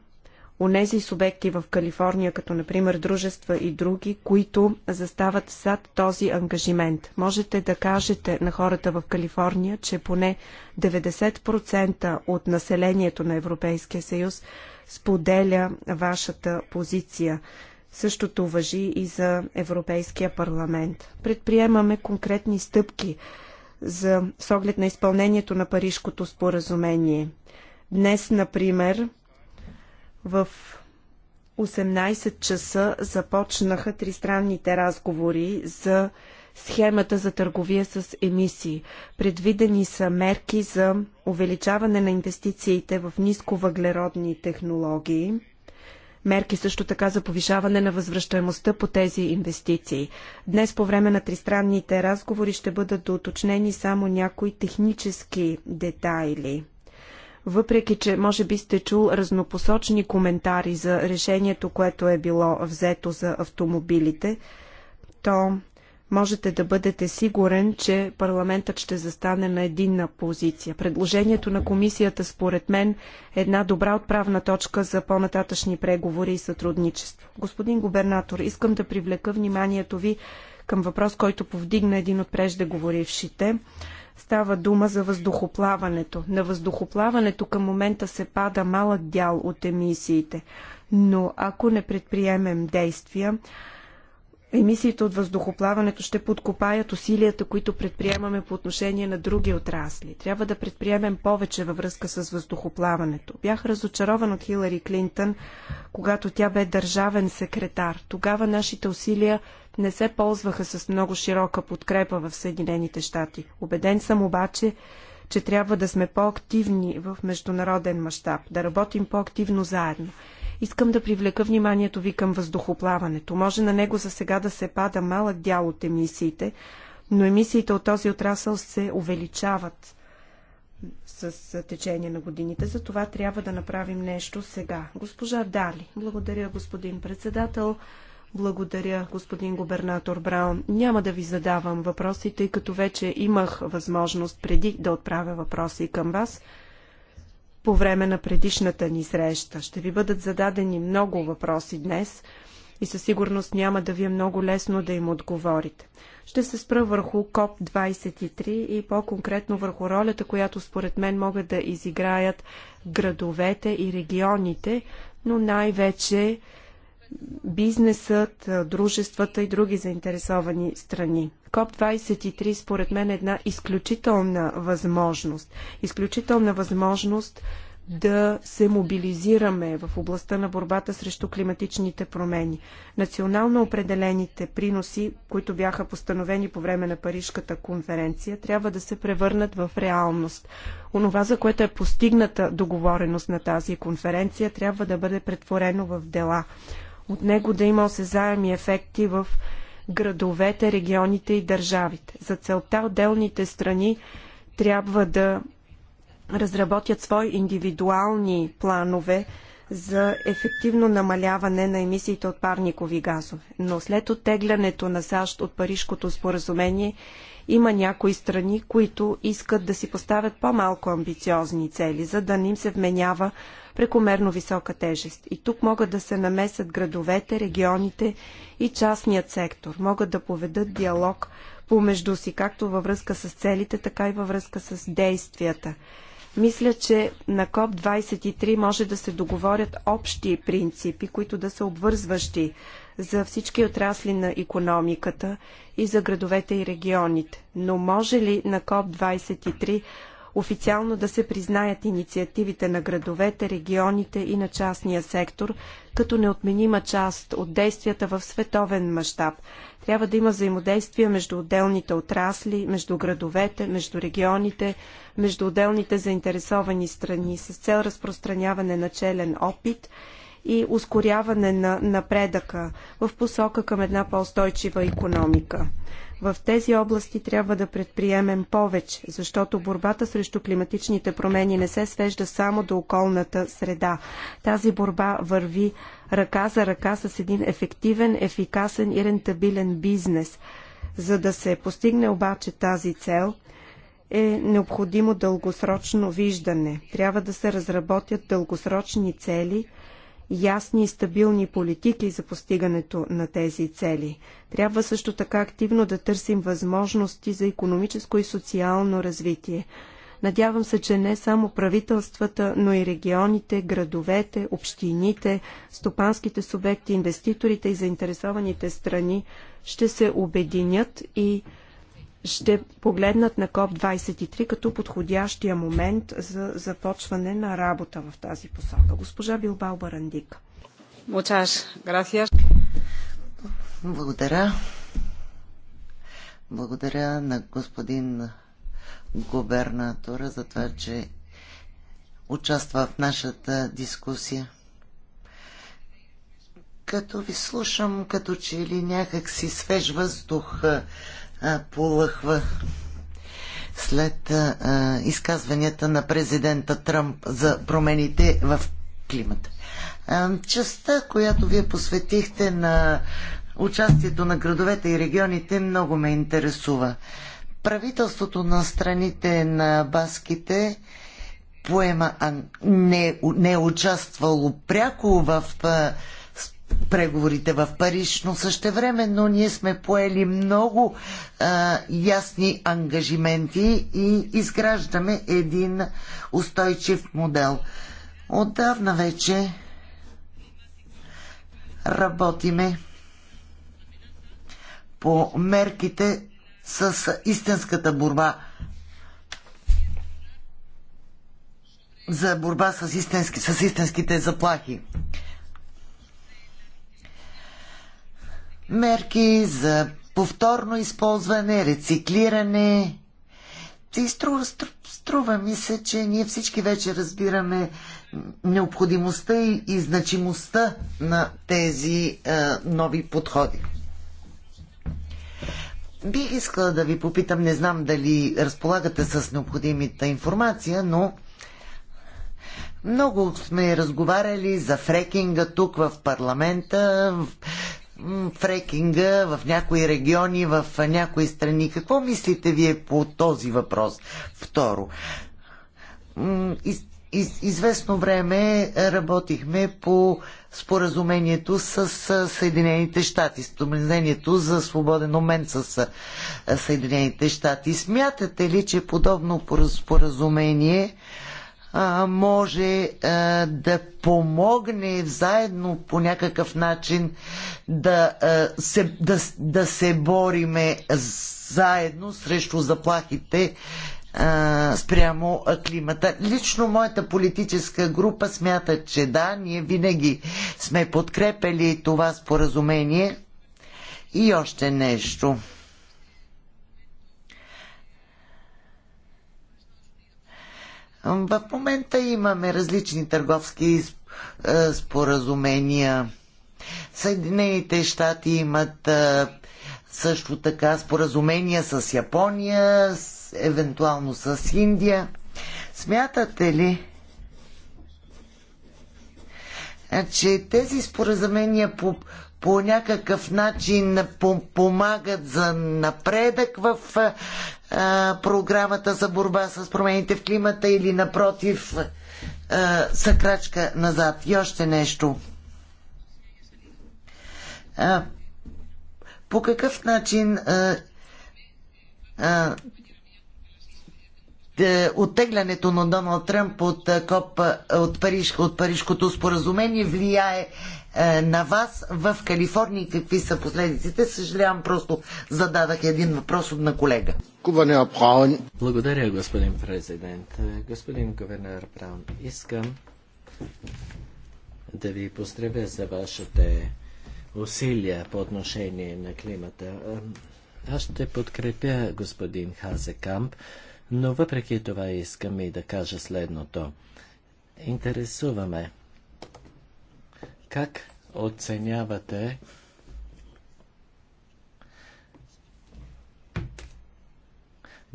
онези субекти в Калифорния, като например дружества и други, които застават зад този ангажимент. Можете да кажете на хората в Калифорния, че поне 90% от населението на Европейския съюз споделя вашата позиция. Същото въжи и за Европейския парламент. Предприемаме конкретни стъпки за с оглед на изпълнението на Парижкото споразумение. Днес, например, в 18 часа започнаха тристранните разговори за схемата за търговия с емисии. Предвидени са мерки за увеличаване на инвестициите в нисковъглеродни технологии. Мерки също така за повишаване на възвръщаемостта по тези инвестиции. Днес по време на тристранните разговори ще бъдат доточнени само някои технически детайли – въпреки че може би сте чул разнопосочни коментари за решението, което е било взето за автомобилите, то можете да бъдете сигурен, че парламентът ще застане на единна позиция. Предложението на комисията, според мен, е една добра отправна точка за по-нататъчни преговори и сътрудничество. Господин губернатор, искам да привлека вниманието ви към въпрос, който повдигна един от преждеговорившите. говорившите Става дума за въздухоплаването. На въздухоплаването към момента се пада малък дял от емисиите, но ако не предприемем действия, емисиите от въздухоплаването ще подкопаят усилията, които предприемаме по отношение на други отрасли. Трябва да предприемем повече във връзка с въздухоплаването. Бях разочарован от Хилари Клинтън, когато тя бе държавен секретар. Тогава нашите усилия не се ползваха с много широка подкрепа в Съединените щати. Обеден съм обаче, че трябва да сме по-активни в международен мащаб, да работим по-активно заедно. Искам да привлека вниманието ви към въздухоплаването. Може на него за сега да се пада малък дял от емисиите, но емисиите от този отрасъл се увеличават с течение на годините. За това трябва да направим нещо сега. Госпожа Дали, благодаря господин председател, благодаря господин губернатор Браун. Няма да ви задавам въпроси, тъй като вече имах възможност преди да отправя въпроси към вас по време на предишната ни среща. Ще ви бъдат зададени много въпроси днес и със сигурност няма да ви е много лесно да им отговорите. Ще се спра върху КОП-23 и по-конкретно върху ролята, която според мен могат да изиграят градовете и регионите, но най-вече бизнесът, дружествата и други заинтересовани страни. КОП-23 според мен е една изключителна възможност. Изключителна възможност да се мобилизираме в областта на борбата срещу климатичните промени. Национално определените приноси, които бяха постановени по време на Парижката конференция, трябва да се превърнат в реалност. Онова, за което е постигната договореност на тази конференция, трябва да бъде претворено в дела от него да има осезаеми ефекти в градовете, регионите и държавите. За целта отделните страни трябва да разработят свои индивидуални планове за ефективно намаляване на емисиите от парникови газове. Но след оттеглянето на САЩ от Парижкото споразумение има някои страни, които искат да си поставят по-малко амбициозни цели, за да не им се вменява прекомерно висока тежест. И тук могат да се намесят градовете, регионите и частният сектор. Могат да поведат диалог помежду си, както във връзка с целите, така и във връзка с действията. Мисля, че на КОП-23 може да се договорят общи принципи, които да са обвързващи за всички отрасли на економиката и за градовете и регионите. Но може ли на КОП-23 официално да се признаят инициативите на градовете, регионите и на частния сектор като неотменима част от действията в световен мащаб. Трябва да има взаимодействие между отделните отрасли, между градовете, между регионите, между отделните заинтересовани страни с цел разпространяване на челен опит и ускоряване на напредъка в посока към една по-устойчива економика. В тези области трябва да предприемем повече, защото борбата срещу климатичните промени не се свежда само до околната среда. Тази борба върви ръка за ръка с един ефективен, ефикасен и рентабилен бизнес. За да се постигне обаче тази цел, е необходимо дългосрочно виждане. Трябва да се разработят дългосрочни цели – ясни и стабилни политики за постигането на тези цели. Трябва също така активно да търсим възможности за економическо и социално развитие. Надявам се, че не само правителствата, но и регионите, градовете, общините, стопанските субекти, инвеститорите и заинтересованите страни ще се обединят и ще погледнат на КОП-23 като подходящия момент за започване на работа в тази посока. Госпожа Билбал Барандик. Благодаря. Благодаря на господин губернатора за това, че участва в нашата дискусия. Като ви слушам, като че ли някак си свеж въздух полъхва след а, изказванията на президента Тръмп за промените в климата. А, частта, която вие посветихте на участието на градовете и регионите, много ме интересува. Правителството на страните на баските поема, а не, не е участвало пряко в а, преговорите в Париж, но същевременно ние сме поели много а, ясни ангажименти и изграждаме един устойчив модел. Отдавна вече работиме по мерките с истинската борба за борба с, истински, с истинските заплахи. мерки за повторно използване, рециклиране. И струва, струва, струва ми се, че ние всички вече разбираме необходимостта и, и значимостта на тези е, нови подходи. Бих искала да ви попитам, не знам дали разполагате с необходимата информация, но много сме разговаряли за фрекинга тук в парламента, фрекинга в някои региони, в някои страни. Какво мислите вие по този въпрос? Второ, из, из, известно време работихме по споразумението с Съединените щати, споразумението за свободен момент с Съединените щати. Смятате ли, че подобно споразумение може да помогне заедно по някакъв начин да, се, да, да се бориме заедно срещу заплахите спрямо климата. Лично моята политическа група смята, че да, ние винаги сме подкрепили това споразумение. И още нещо. В момента имаме различни търговски е, споразумения. Съединените щати имат е, също така споразумения с Япония, с, евентуално с Индия. Смятате ли, е, че тези споразумения по, по някакъв начин помагат за напредък в програмата за борба с промените в климата или напротив са крачка назад. И още нещо. по какъв начин е, оттеглянето на Доналд Тръмп от, е, КОП, от, Париж, от Парижкото споразумение влияе е, на вас в Калифорния и какви са последиците? Съжалявам, просто зададах един въпрос от на колега. Благодаря, господин президент. Господин гувернер Браун, искам да ви поздравя за вашите усилия по отношение на климата. Аз ще подкрепя господин Хазекамп. Камп но въпреки това искам и да кажа следното. Интересуваме. Как оценявате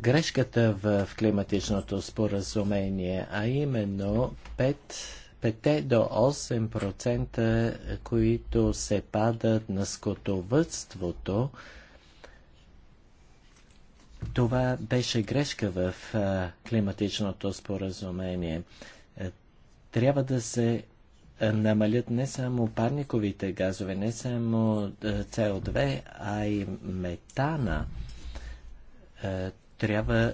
грешката в климатичното споразумение, а именно 5, 5 до 8%, които се падат на скотовътството, това беше грешка в климатичното споразумение. Е, трябва да се намалят не само парниковите газове, не само CO2, а и метана. Е, трябва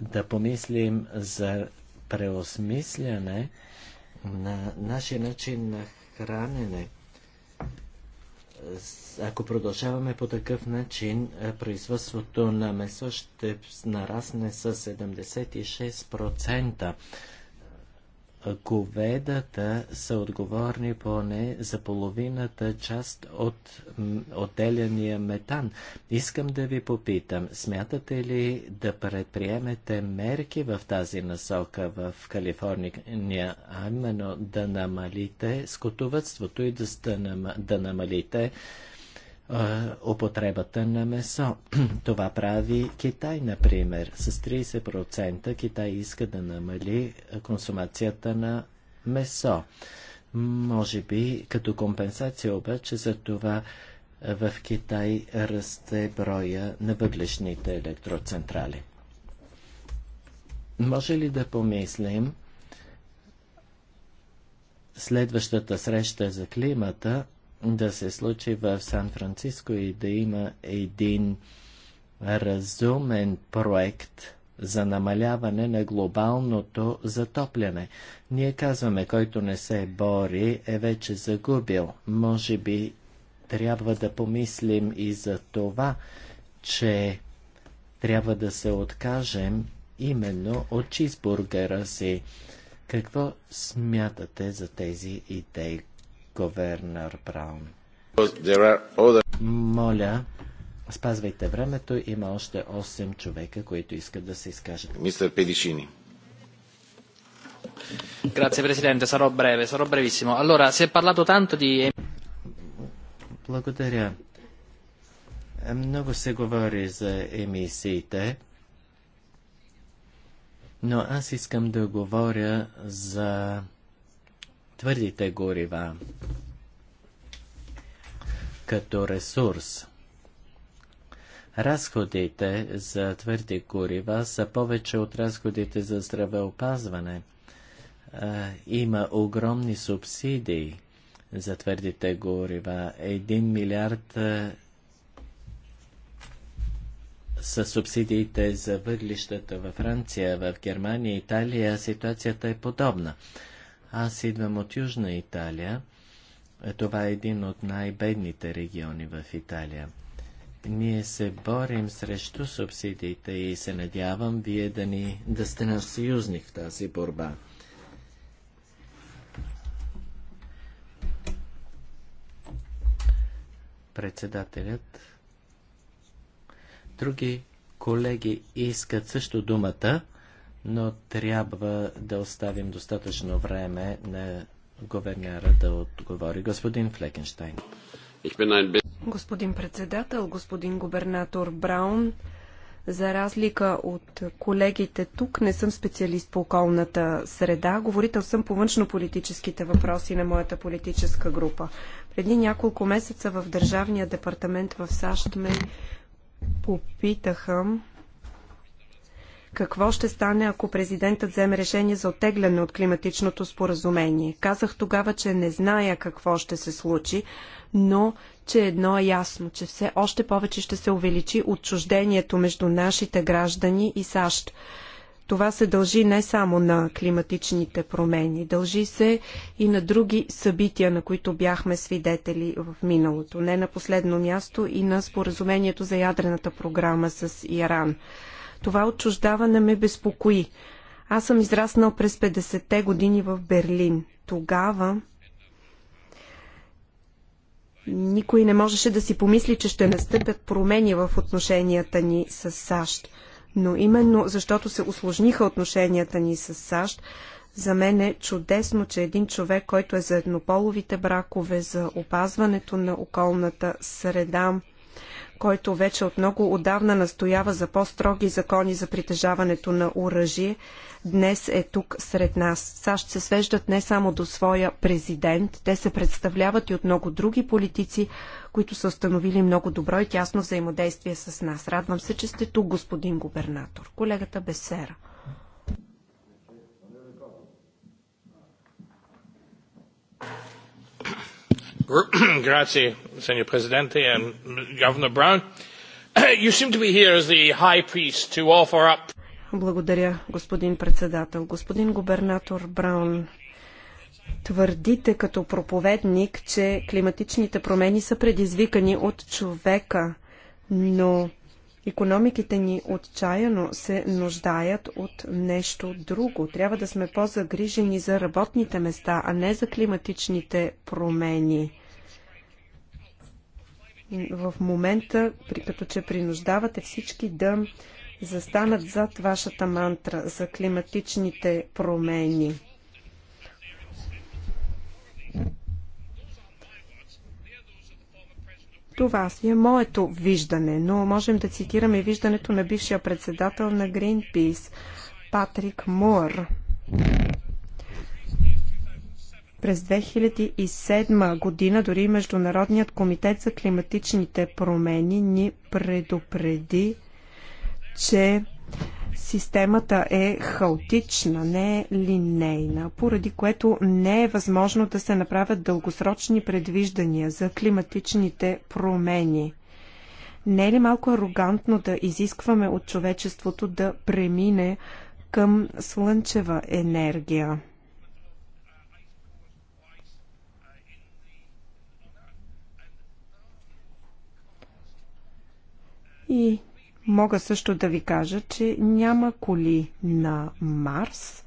да помислим за преосмисляне на нашия начин на хранене ако продължаваме по такъв начин, е, производството на месо ще нарасне с 76% говедата са отговорни поне за половината част от отделяния метан. Искам да ви попитам, смятате ли да предприемете мерки в тази насока в Калифорния, а именно да намалите скотовътството и да, да намалите употребата на месо. [CLEARS THROAT] Това прави Китай, например. С 30% Китай иска да намали консумацията на месо. Може би като компенсация обаче за това в Китай расте броя на въглешните електроцентрали. Може ли да помислим следващата среща за климата да се случи в Сан-Франциско и да има един разумен проект за намаляване на глобалното затопляне. Ние казваме, който не се бори, е вече загубил. Може би трябва да помислим и за това, че трябва да се откажем именно от чизбургера си. Какво смятате за тези идеи, Говернер Браун. Other... Моля, спазвайте времето. Има още 8 човека, които искат да се изкажат. Мистер Педишини. Grazie Presidente, sarò breve, sarò brevissimo. Allora, si è parlato tanto di... Благодаря. Много се говори за емисиите, но аз искам да говоря за твърдите горива като ресурс. Разходите за твърди горива са повече от разходите за здравеопазване. има огромни субсидии за твърдите горива. Един милиард са субсидиите за въглищата във Франция, в Германия, и Италия. Ситуацията е подобна. Аз идвам от Южна Италия. Е, това е един от най-бедните региони в Италия. Ние се борим срещу субсидиите и се надявам вие да, ни, да сте наш съюзник в тази борба. Председателят. Други колеги искат също думата но трябва да оставим достатъчно време на говернера да отговори. Господин Флекенштайн. Господин председател, господин губернатор Браун, за разлика от колегите тук, не съм специалист по околната среда. Говорител съм по външно-политическите въпроси на моята политическа група. Преди няколко месеца в Държавния департамент в САЩ ме попитаха какво ще стане, ако президентът вземе решение за оттегляне от климатичното споразумение? Казах тогава, че не зная какво ще се случи, но че едно е ясно, че все още повече ще се увеличи отчуждението между нашите граждани и САЩ. Това се дължи не само на климатичните промени, дължи се и на други събития, на които бяхме свидетели в миналото. Не на последно място и на споразумението за ядрената програма с Иран. Това отчуждаване ме безпокои. Аз съм израснал през 50-те години в Берлин. Тогава никой не можеше да си помисли, че ще настъпят промени в отношенията ни с САЩ. Но именно защото се усложниха отношенията ни с САЩ, за мен е чудесно, че един човек, който е за еднополовите бракове, за опазването на околната среда, който вече от много отдавна настоява за по-строги закони за притежаването на оръжие, днес е тук сред нас. САЩ се свеждат не само до своя президент, те се представляват и от много други политици, които са установили много добро и тясно взаимодействие с нас. Радвам се, че сте тук, господин губернатор. Колегата Бесера. [CLEARS THROAT] Grazie, Senor Presidente and Governor Brown. [CLEARS THROAT] You seem to be here as the high priest to offer up... Благодаря, господин председател. Господин губернатор Браун, твърдите като проповедник, че климатичните промени са предизвикани от човека, но Економиките ни отчаяно се нуждаят от нещо друго. Трябва да сме по-загрижени за работните места, а не за климатичните промени в момента, при като че принуждавате всички да застанат зад вашата мантра за климатичните промени. Това си е моето виждане, но можем да цитираме виждането на бившия председател на Greenpeace, Патрик Мур. През 2007 година дори Международният комитет за климатичните промени ни предупреди, че системата е хаотична, не е линейна, поради което не е възможно да се направят дългосрочни предвиждания за климатичните промени. Не е ли малко арогантно да изискваме от човечеството да премине към слънчева енергия? И мога също да ви кажа, че няма коли на Марс.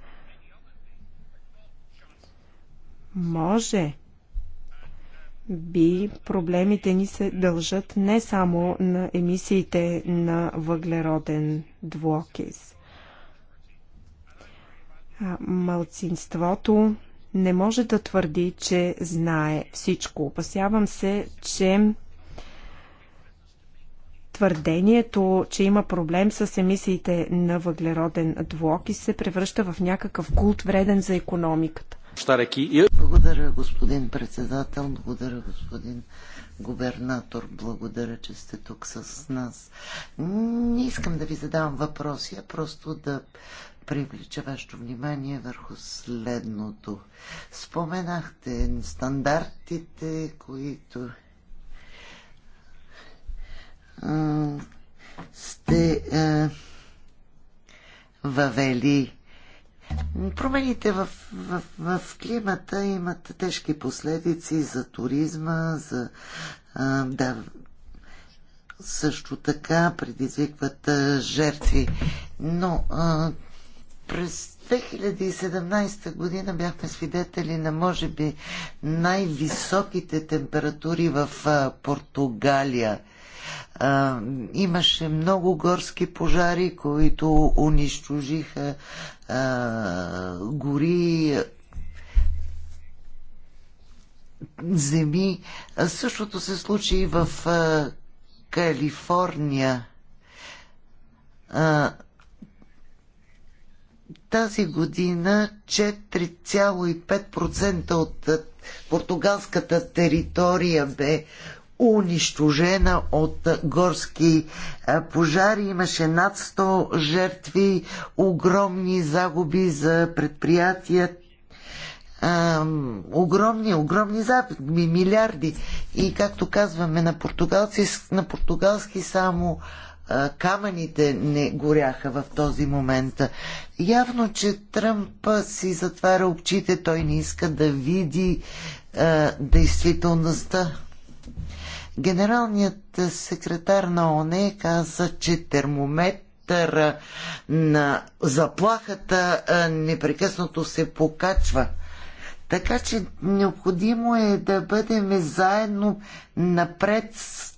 Може би проблемите ни се дължат не само на емисиите на въглероден двуокис. Малцинството не може да твърди, че знае всичко. Опасявам се, че твърдението, че има проблем с емисиите на въглероден двуокис се превръща в някакъв култ вреден за економиката. Благодаря, господин председател, благодаря, господин губернатор, благодаря, че сте тук с нас. Не искам да ви задавам въпроси, а просто да привлеча вашето внимание върху следното. Споменахте стандартите, които сте а, въвели. Промените в, в, в климата имат тежки последици за туризма, за а, да, също така предизвикват а, жертви. Но а, през 2017 година бяхме свидетели на, може би, най-високите температури в а, Португалия. А, имаше много горски пожари, които унищожиха а, гори, земи. А същото се случи и в а, Калифорния. А, тази година 4,5% от португалската територия бе унищожена от горски пожари. Имаше над 100 жертви, огромни загуби за предприятия, огромни, огромни загуби, милиарди. И както казваме на, португалци, на португалски само камъните не горяха в този момент. Явно, че Тръмп си затваря очите, той не иска да види а, действителността. Генералният секретар на ОНЕ каза, че термометър на заплахата непрекъснато се покачва. Така че необходимо е да бъдем заедно напред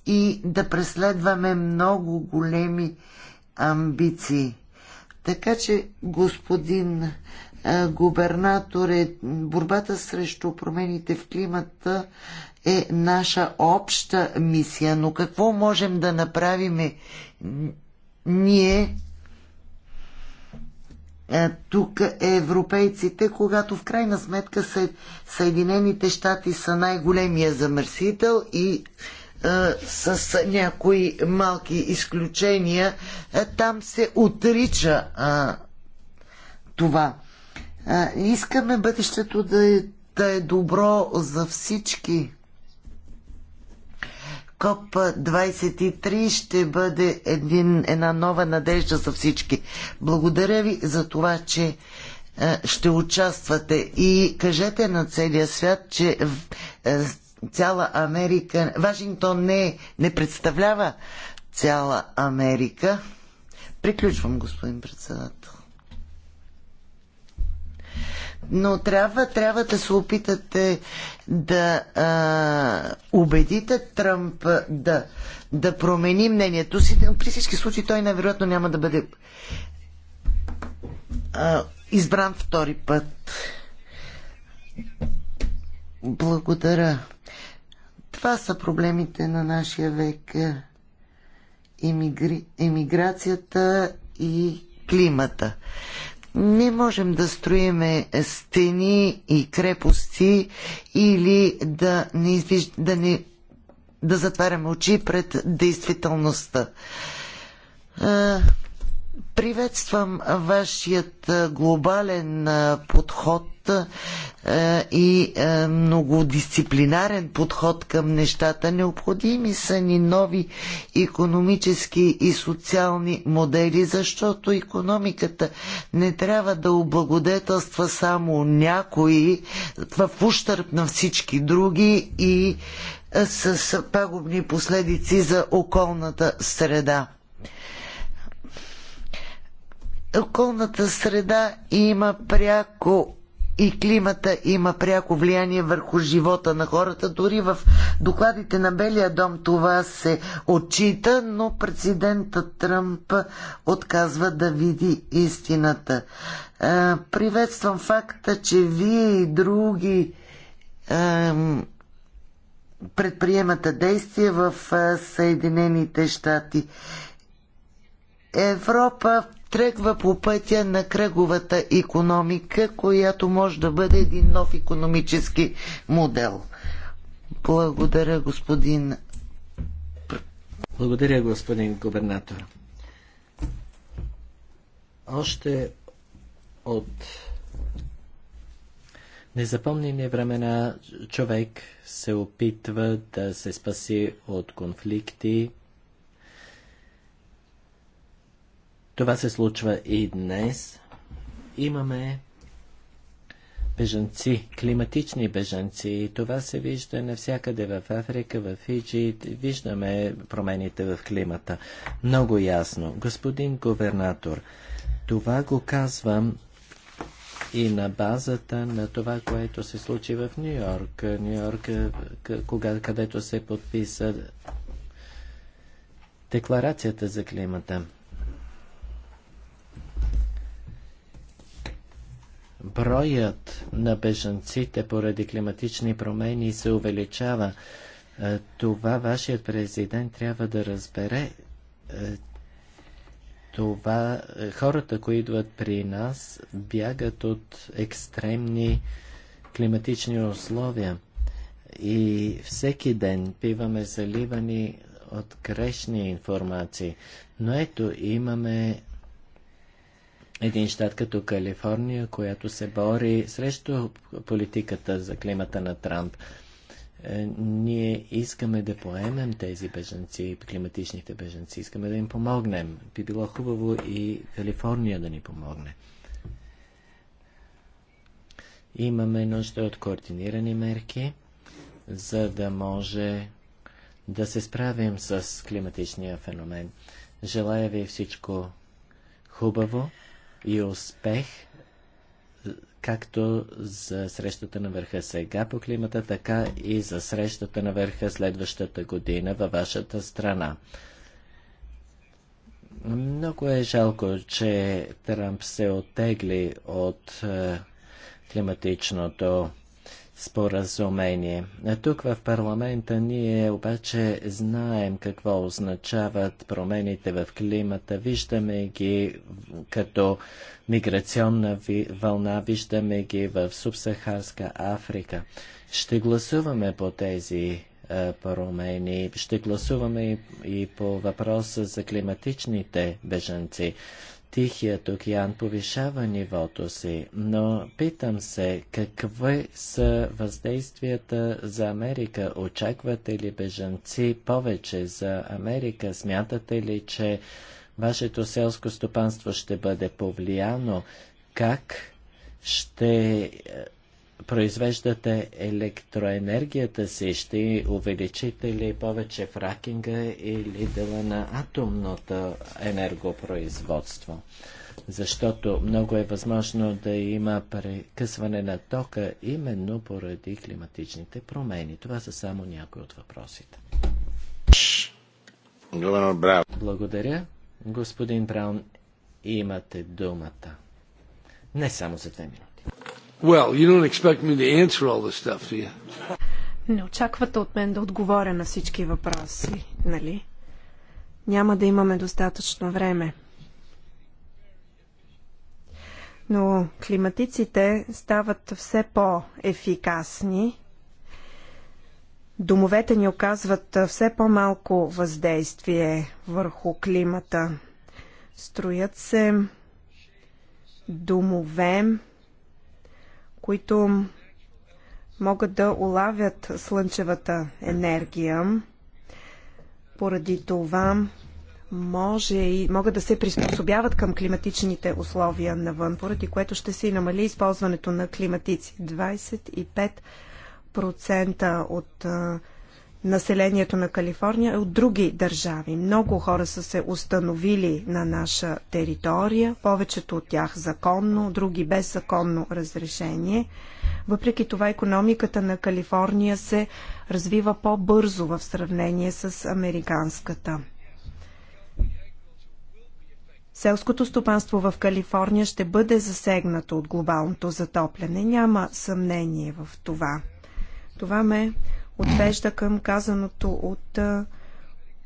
и да преследваме много големи амбиции. Така че, господин губернатор е борбата срещу промените в климата е наша обща мисия, но какво можем да направим ние тук европейците, когато в крайна сметка Съединените щати са най-големия замърсител и с някои малки изключения, там се отрича а, това. Искаме бъдещето да е, да е добро за всички. КОП-23 ще бъде един, една нова надежда за всички. Благодаря ви за това, че ще участвате и кажете на целия свят, че цяла Америка, Вашингтон не, не представлява цяла Америка. Приключвам, господин председател но трябва, трябва да се опитате да а, убедите Тръмп да, да промени мнението си. При всички случаи той невероятно няма да бъде а, избран втори път. Благодаря. Това са проблемите на нашия век. Емигри... Емиграцията и климата. Не можем да строиме стени и крепости или да не, извиж... да не да затваряме очи пред действителността. Приветствам вашият глобален подход и многодисциплинарен подход към нещата. Необходими са ни нови економически и социални модели, защото економиката не трябва да облагодетелства само някои в ущърп на всички други и с пагубни последици за околната среда околната среда има пряко и климата има пряко влияние върху живота на хората. Дори в докладите на Белия дом това се отчита, но президентът Тръмп отказва да види истината. приветствам факта, че вие и други предприемате действия в Съединените щати. Европа тръгва по пътя на кръговата економика, която може да бъде един нов економически модел. Благодаря, господин. Благодаря, господин губернатор. Още от незапомнени времена човек се опитва да се спаси от конфликти, Това се случва и днес. Имаме бежанци, климатични бежанци. И това се вижда навсякъде в Африка, в Фиджи. Виждаме промените в климата. Много ясно. Господин губернатор, това го казвам и на базата на това, което се случи в Нью Йорк. Нью Йорк, кога, където се подписа декларацията за климата. броят на бежанците поради климатични промени се увеличава. Е, това вашият президент трябва да разбере. Е, това е, хората, които идват при нас, бягат от екстремни климатични условия. И всеки ден биваме заливани от грешни информации. Но ето, имаме един щат като Калифорния, която се бори срещу политиката за климата на Трамп. Е, ние искаме да поемем тези беженци, климатичните беженци, искаме да им помогнем. Би било хубаво и Калифорния да ни помогне. Имаме нужда от координирани мерки, за да може да се справим с климатичния феномен. Желая ви всичко хубаво и успех, както за срещата на върха сега по климата, така и за срещата на върха следващата година във вашата страна. Много е жалко, че Трамп се отегли от е, климатичното споразумение. Тук в парламента ние обаче знаем какво означават промените в климата, виждаме ги като миграционна вълна, виждаме ги в субсахарска Африка. Ще гласуваме по тези промени, ще гласуваме и, и по въпроса за климатичните бежанци. Тихият океан повишава нивото си, но питам се, какви са въздействията за Америка? Очаквате ли бежанци повече за Америка? Смятате ли, че вашето селско стопанство ще бъде повлияно? Как ще произвеждате електроенергията си, ще увеличите ли повече фракинга или дела на атомното енергопроизводство? Защото много е възможно да има прекъсване на тока именно поради климатичните промени. Това са само някои от въпросите. Благодаря. Господин Браун, имате думата. Не само за две минути. Well, you don't expect me to answer all this stuff, do you? Не очаквате от мен да отговоря на всички въпроси, нали? Няма да имаме достатъчно време. Но климатиците стават все по-ефикасни. Домовете ни оказват все по-малко въздействие върху климата. Строят се домове, които могат да улавят слънчевата енергия. Поради това може и могат да се приспособяват към климатичните условия навън, поради което ще се и намали използването на климатици. 25% от населението на Калифорния е от други държави. Много хора са се установили на наша територия, повечето от тях законно, други без законно разрешение. Въпреки това економиката на Калифорния се развива по-бързо в сравнение с американската. Селското стопанство в Калифорния ще бъде засегнато от глобалното затопляне. Няма съмнение в това. Това ме отвежда към казаното от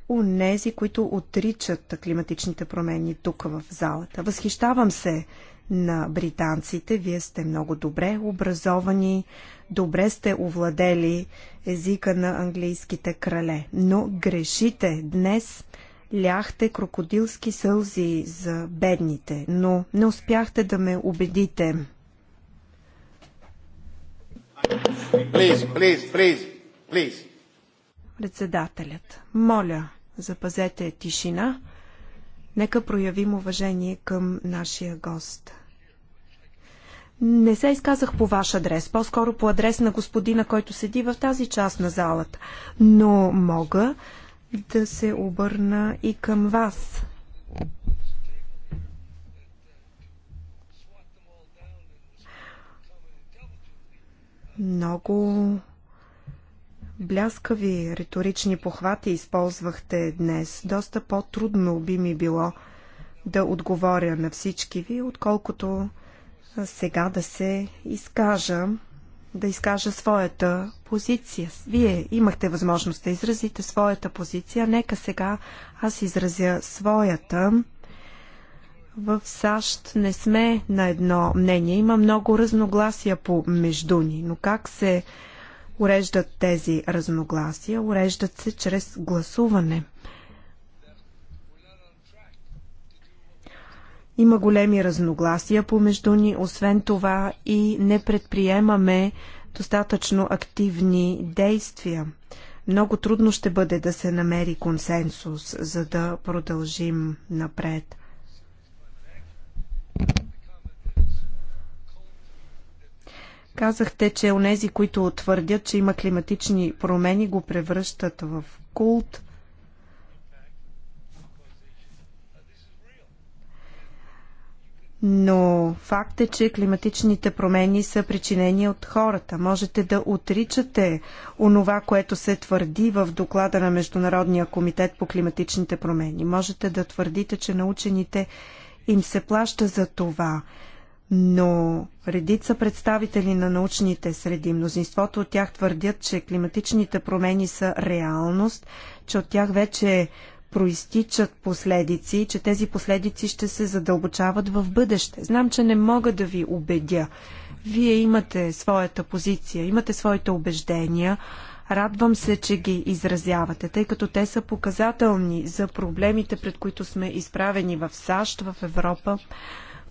унези, които отричат климатичните промени тук в залата. Възхищавам се на британците. Вие сте много добре образовани, добре сте овладели езика на английските крале. Но грешите днес ляхте крокодилски сълзи за бедните, но не успяхте да ме убедите. Please, please, please. Председателят, моля, запазете тишина. Нека проявим уважение към нашия гост. Не се изказах по ваш адрес, по-скоро по адрес на господина, който седи в тази част на залата. Но мога да се обърна и към вас. Много Бляскави риторични похвати използвахте днес. Доста по-трудно би ми било да отговоря на всички ви, отколкото сега да се изкажа, да изкажа своята позиция. Вие имахте възможност да изразите своята позиция, нека сега аз изразя своята. В САЩ не сме на едно мнение. Има много разногласия по между ни, но как се уреждат тези разногласия, уреждат се чрез гласуване. Има големи разногласия помежду ни, освен това и не предприемаме достатъчно активни действия. Много трудно ще бъде да се намери консенсус, за да продължим напред. Казахте, че онези, които твърдят, че има климатични промени, го превръщат в култ. Но факт е, че климатичните промени са причинени от хората. Можете да отричате онова, което се твърди в доклада на Международния комитет по климатичните промени. Можете да твърдите, че научените им се плаща за това но редица представители на научните среди, мнозинството от тях твърдят, че климатичните промени са реалност, че от тях вече проистичат последици, че тези последици ще се задълбочават в бъдеще. Знам, че не мога да ви убедя. Вие имате своята позиция, имате своите убеждения. Радвам се, че ги изразявате, тъй като те са показателни за проблемите, пред които сме изправени в САЩ, в Европа,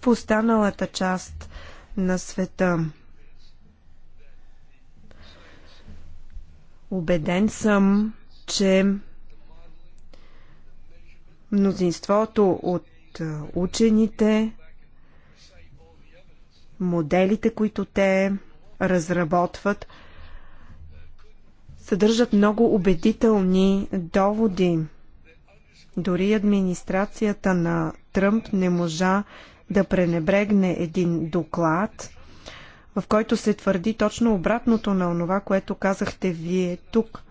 в останалата част на света. Убеден съм, че мнозинството от учените, моделите, които те разработват, съдържат много убедителни доводи. Дори администрацията на Тръмп не можа да пренебрегне един доклад, в който се твърди точно обратното на онова, което казахте вие тук.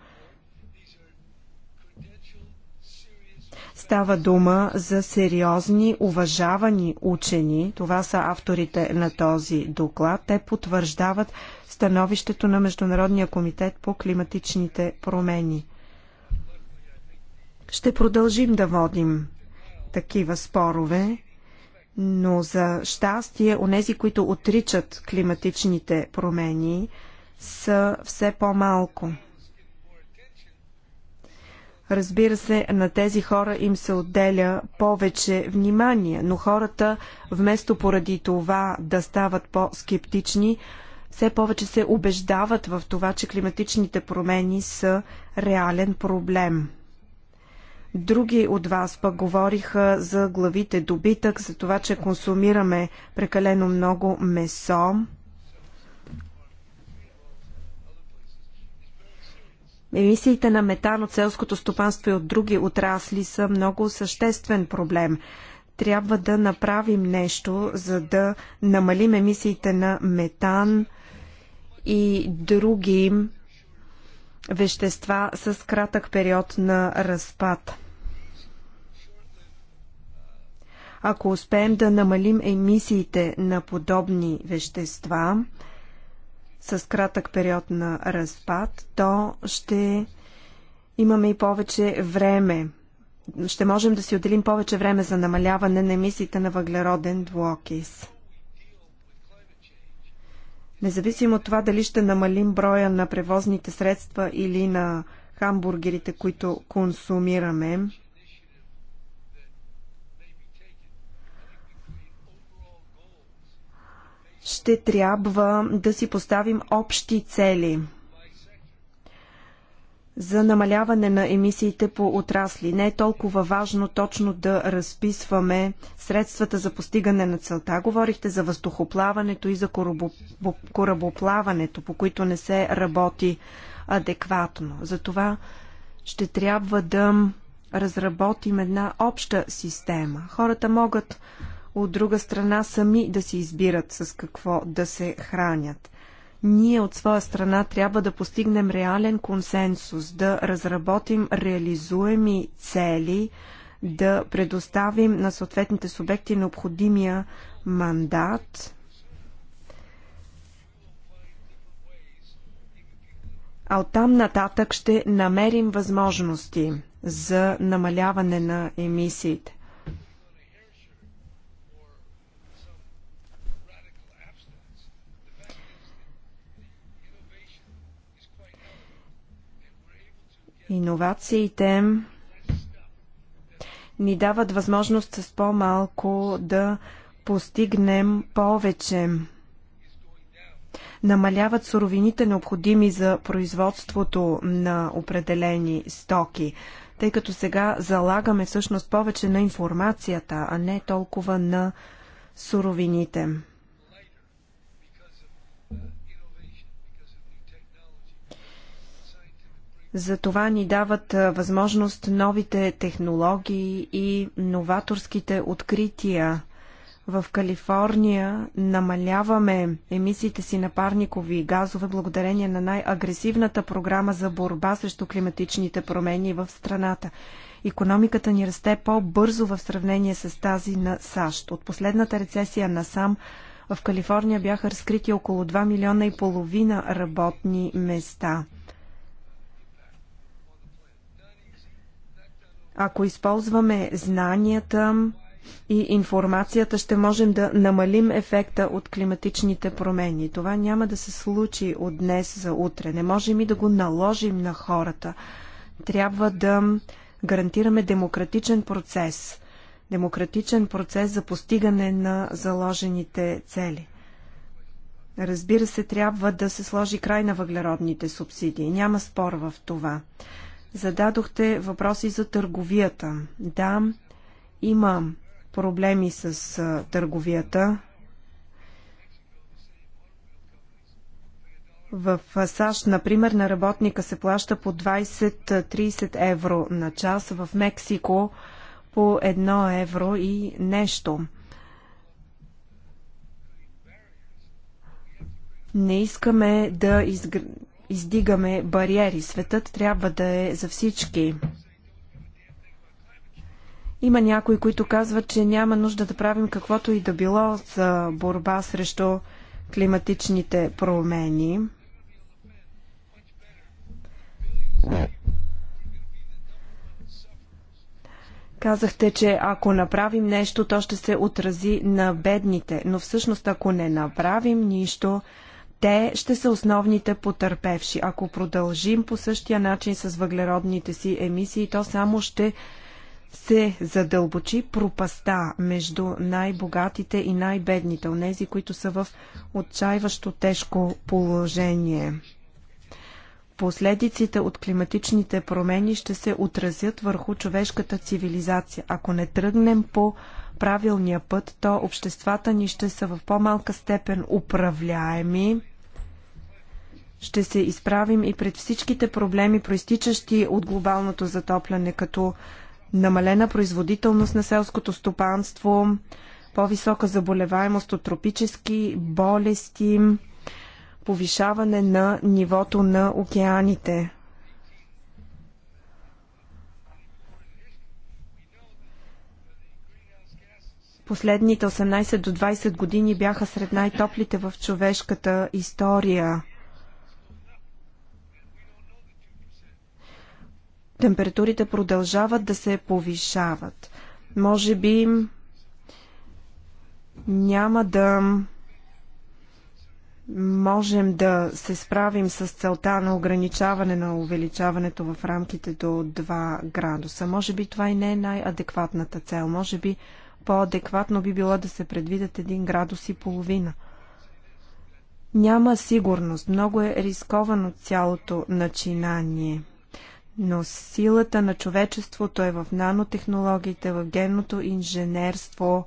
Става дума за сериозни, уважавани учени. Това са авторите на този доклад. Те потвърждават становището на Международния комитет по климатичните промени. Ще продължим да водим такива спорове, но за щастие, онези, които отричат климатичните промени, са все по-малко. Разбира се, на тези хора им се отделя повече внимание, но хората, вместо поради това да стават по-скептични, все повече се убеждават в това, че климатичните промени са реален проблем. Други от вас пък говориха за главите добитък, за това, че консумираме прекалено много месо. Емисиите на метан от селското стопанство и от други отрасли са много съществен проблем. Трябва да направим нещо, за да намалим емисиите на метан и други вещества с кратък период на разпад. Ако успеем да намалим емисиите на подобни вещества с кратък период на разпад, то ще имаме и повече време. Ще можем да си отделим повече време за намаляване на емисиите на въглероден двуокис. Независимо от това дали ще намалим броя на превозните средства или на хамбургерите, които консумираме, ще трябва да си поставим общи цели – за намаляване на емисиите по отрасли. Не е толкова важно точно да разписваме средствата за постигане на целта. Говорихте за въздухоплаването и за корабоплаването, по които не се работи адекватно. Затова ще трябва да разработим една обща система. Хората могат от друга страна сами да си избират с какво да се хранят. Ние от своя страна трябва да постигнем реален консенсус, да разработим реализуеми цели, да предоставим на съответните субекти необходимия мандат, а оттам нататък ще намерим възможности за намаляване на емисиите. Иновациите ни дават възможност с по-малко да постигнем повече. Намаляват суровините необходими за производството на определени стоки, тъй като сега залагаме всъщност повече на информацията, а не толкова на суровините. За това ни дават възможност новите технологии и новаторските открития. В Калифорния намаляваме емисиите си на парникови газове благодарение на най-агресивната програма за борба срещу климатичните промени в страната. Економиката ни расте по-бързо в сравнение с тази на САЩ. От последната рецесия насам в Калифорния бяха разкрити около 2 милиона и половина работни места – Ако използваме знанията и информацията, ще можем да намалим ефекта от климатичните промени. Това няма да се случи от днес за утре. Не можем и да го наложим на хората. Трябва да гарантираме демократичен процес. Демократичен процес за постигане на заложените цели. Разбира се, трябва да се сложи край на въглеродните субсидии. Няма спор в това. Зададохте въпроси за търговията. Да, има проблеми с търговията. В САЩ, например, на работника се плаща по 20-30 евро на час, в Мексико по 1 евро и нещо. Не искаме да изградим издигаме бариери. Светът трябва да е за всички. Има някои, които казват, че няма нужда да правим каквото и да било за борба срещу климатичните промени. Казахте, че ако направим нещо, то ще се отрази на бедните, но всъщност ако не направим нищо, те ще са основните потърпевши. Ако продължим по същия начин с въглеродните си емисии, то само ще се задълбочи пропаста между най-богатите и най-бедните, онези, които са в отчаиващо тежко положение. Последиците от климатичните промени ще се отразят върху човешката цивилизация. Ако не тръгнем по правилния път, то обществата ни ще са в по-малка степен управляеми, ще се изправим и пред всичките проблеми, проистичащи от глобалното затопляне, като намалена производителност на селското стопанство, по-висока заболеваемост от тропически болести, повишаване на нивото на океаните. Последните 18 до 20 години бяха сред най-топлите в човешката история – температурите продължават да се повишават. Може би няма да можем да се справим с целта на ограничаване на увеличаването в рамките до 2 градуса. Може би това и не е най-адекватната цел. Може би по-адекватно би било да се предвидят 1 градус и половина. Няма сигурност. Много е рисковано цялото начинание. Но силата на човечеството е в нанотехнологиите, в генното инженерство,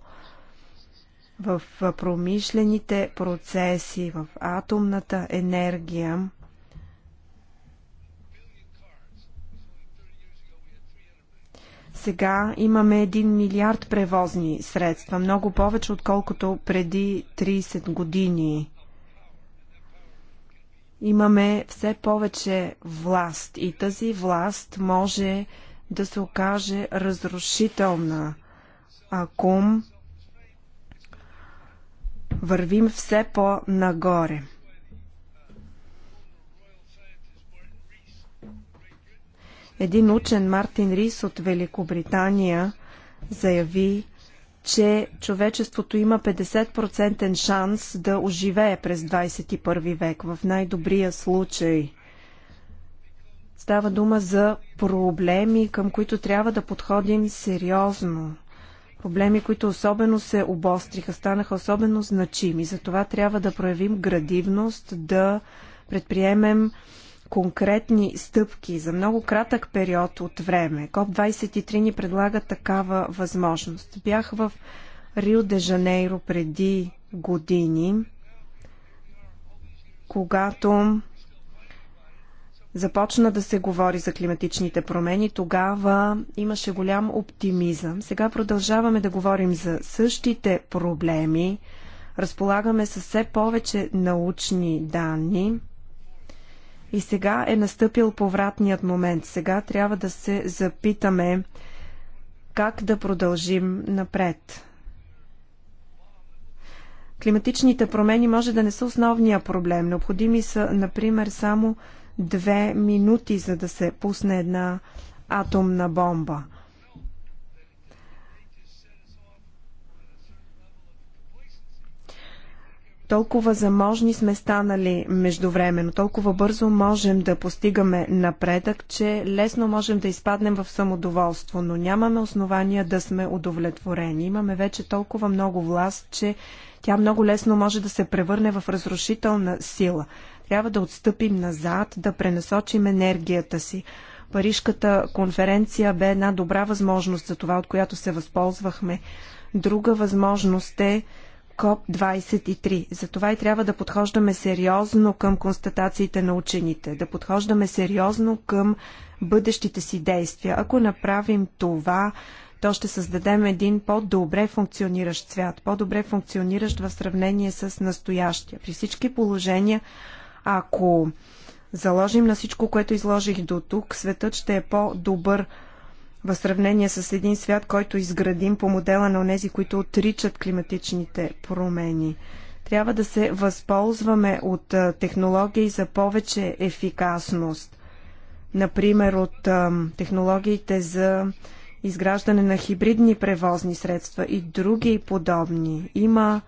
в промишлените процеси, в атомната енергия. Сега имаме 1 милиард превозни средства, много повече отколкото преди 30 години имаме все повече власт и тази власт може да се окаже разрушителна, ако вървим все по-нагоре. Един учен Мартин Рис от Великобритания заяви, че човечеството има 50% шанс да оживее през 21 век, в най-добрия случай. Става дума за проблеми, към които трябва да подходим сериозно. Проблеми, които особено се обостриха, станаха особено значими. Затова трябва да проявим градивност, да предприемем конкретни стъпки за много кратък период от време. КОП-23 ни предлага такава възможност. Бях в Рио де Жанейро преди години, когато започна да се говори за климатичните промени, тогава имаше голям оптимизъм. Сега продължаваме да говорим за същите проблеми. Разполагаме с все повече научни данни. И сега е настъпил повратният момент. Сега трябва да се запитаме как да продължим напред. Климатичните промени може да не са основния проблем. Необходими са, например, само две минути, за да се пусне една атомна бомба – Толкова заможни сме станали междувременно, толкова бързо можем да постигаме напредък, че лесно можем да изпаднем в самодоволство, но нямаме основания да сме удовлетворени. Имаме вече толкова много власт, че тя много лесно може да се превърне в разрушителна сила. Трябва да отстъпим назад, да пренасочим енергията си. Парижката конференция бе една добра възможност за това, от която се възползвахме. Друга възможност е КОП-23. Затова и трябва да подхождаме сериозно към констатациите на учените, да подхождаме сериозно към бъдещите си действия. Ако направим това, то ще създадем един по-добре функциониращ свят, по-добре функциониращ в сравнение с настоящия. При всички положения, ако заложим на всичко, което изложих до тук, светът ще е по-добър в сравнение с един свят, който изградим по модела на онези, които отричат климатичните промени. Трябва да се възползваме от технологии за повече ефикасност. Например, от технологиите за изграждане на хибридни превозни средства и други подобни. Има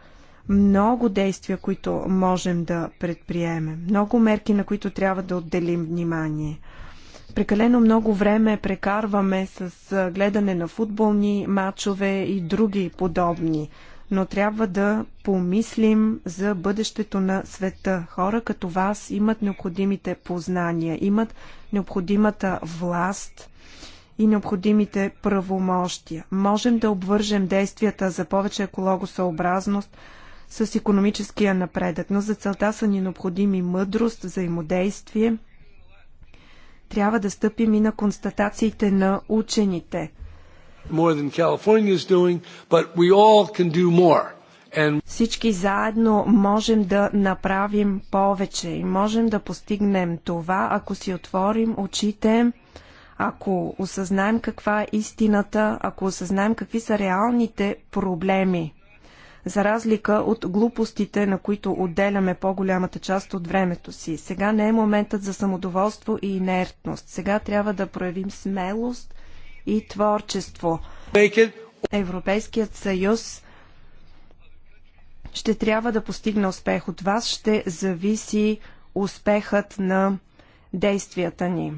много действия, които можем да предприемем, много мерки, на които трябва да отделим внимание – Прекалено много време прекарваме с гледане на футболни матчове и други подобни. Но трябва да помислим за бъдещето на света. Хора като вас имат необходимите познания, имат необходимата власт и необходимите правомощия. Можем да обвържем действията за повече екологосъобразност с економическия напредък, но за целта са ни необходими мъдрост, взаимодействие – трябва да стъпим и на констатациите на учените. Всички заедно можем да направим повече и можем да постигнем това, ако си отворим очите, ако осъзнаем каква е истината, ако осъзнаем какви са реалните проблеми за разлика от глупостите, на които отделяме по-голямата част от времето си. Сега не е моментът за самодоволство и инертност. Сега трябва да проявим смелост и творчество. Европейският съюз ще трябва да постигне успех. От вас ще зависи успехът на действията ни.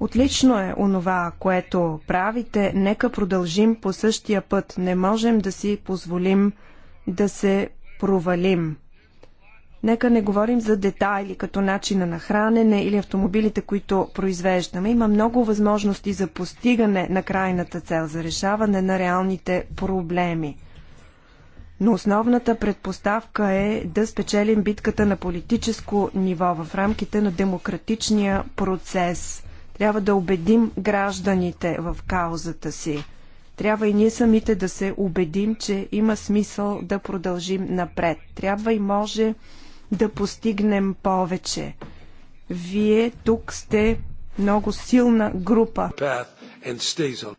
Отлично е онова, което правите. Нека продължим по същия път. Не можем да си позволим да се провалим. Нека не говорим за детайли, като начина на хранене или автомобилите, които произвеждаме. Има много възможности за постигане на крайната цел, за решаване на реалните проблеми. Но основната предпоставка е да спечелим битката на политическо ниво в рамките на демократичния процес. Трябва да убедим гражданите в каузата си. Трябва и ние самите да се убедим, че има смисъл да продължим напред. Трябва и може да постигнем повече. Вие тук сте много силна група.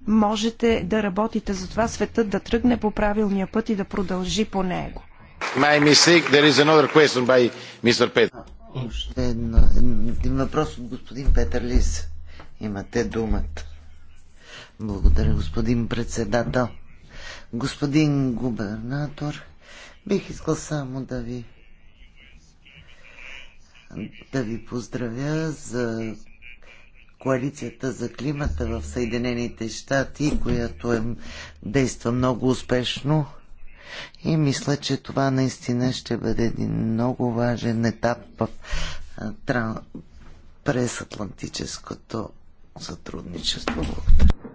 Можете да работите за това светът да тръгне по правилния път и да продължи по него. Още един въпрос от господин Петър Лис. Имате думата. Благодаря, господин председател. Господин губернатор, бих искал само да ви да ви поздравя за коалицията за климата в Съединените щати, която е, действа много успешно. И мисля, че това наистина ще бъде един много важен етап в, тран, през Атлантическото сътрудничество. Благодаря.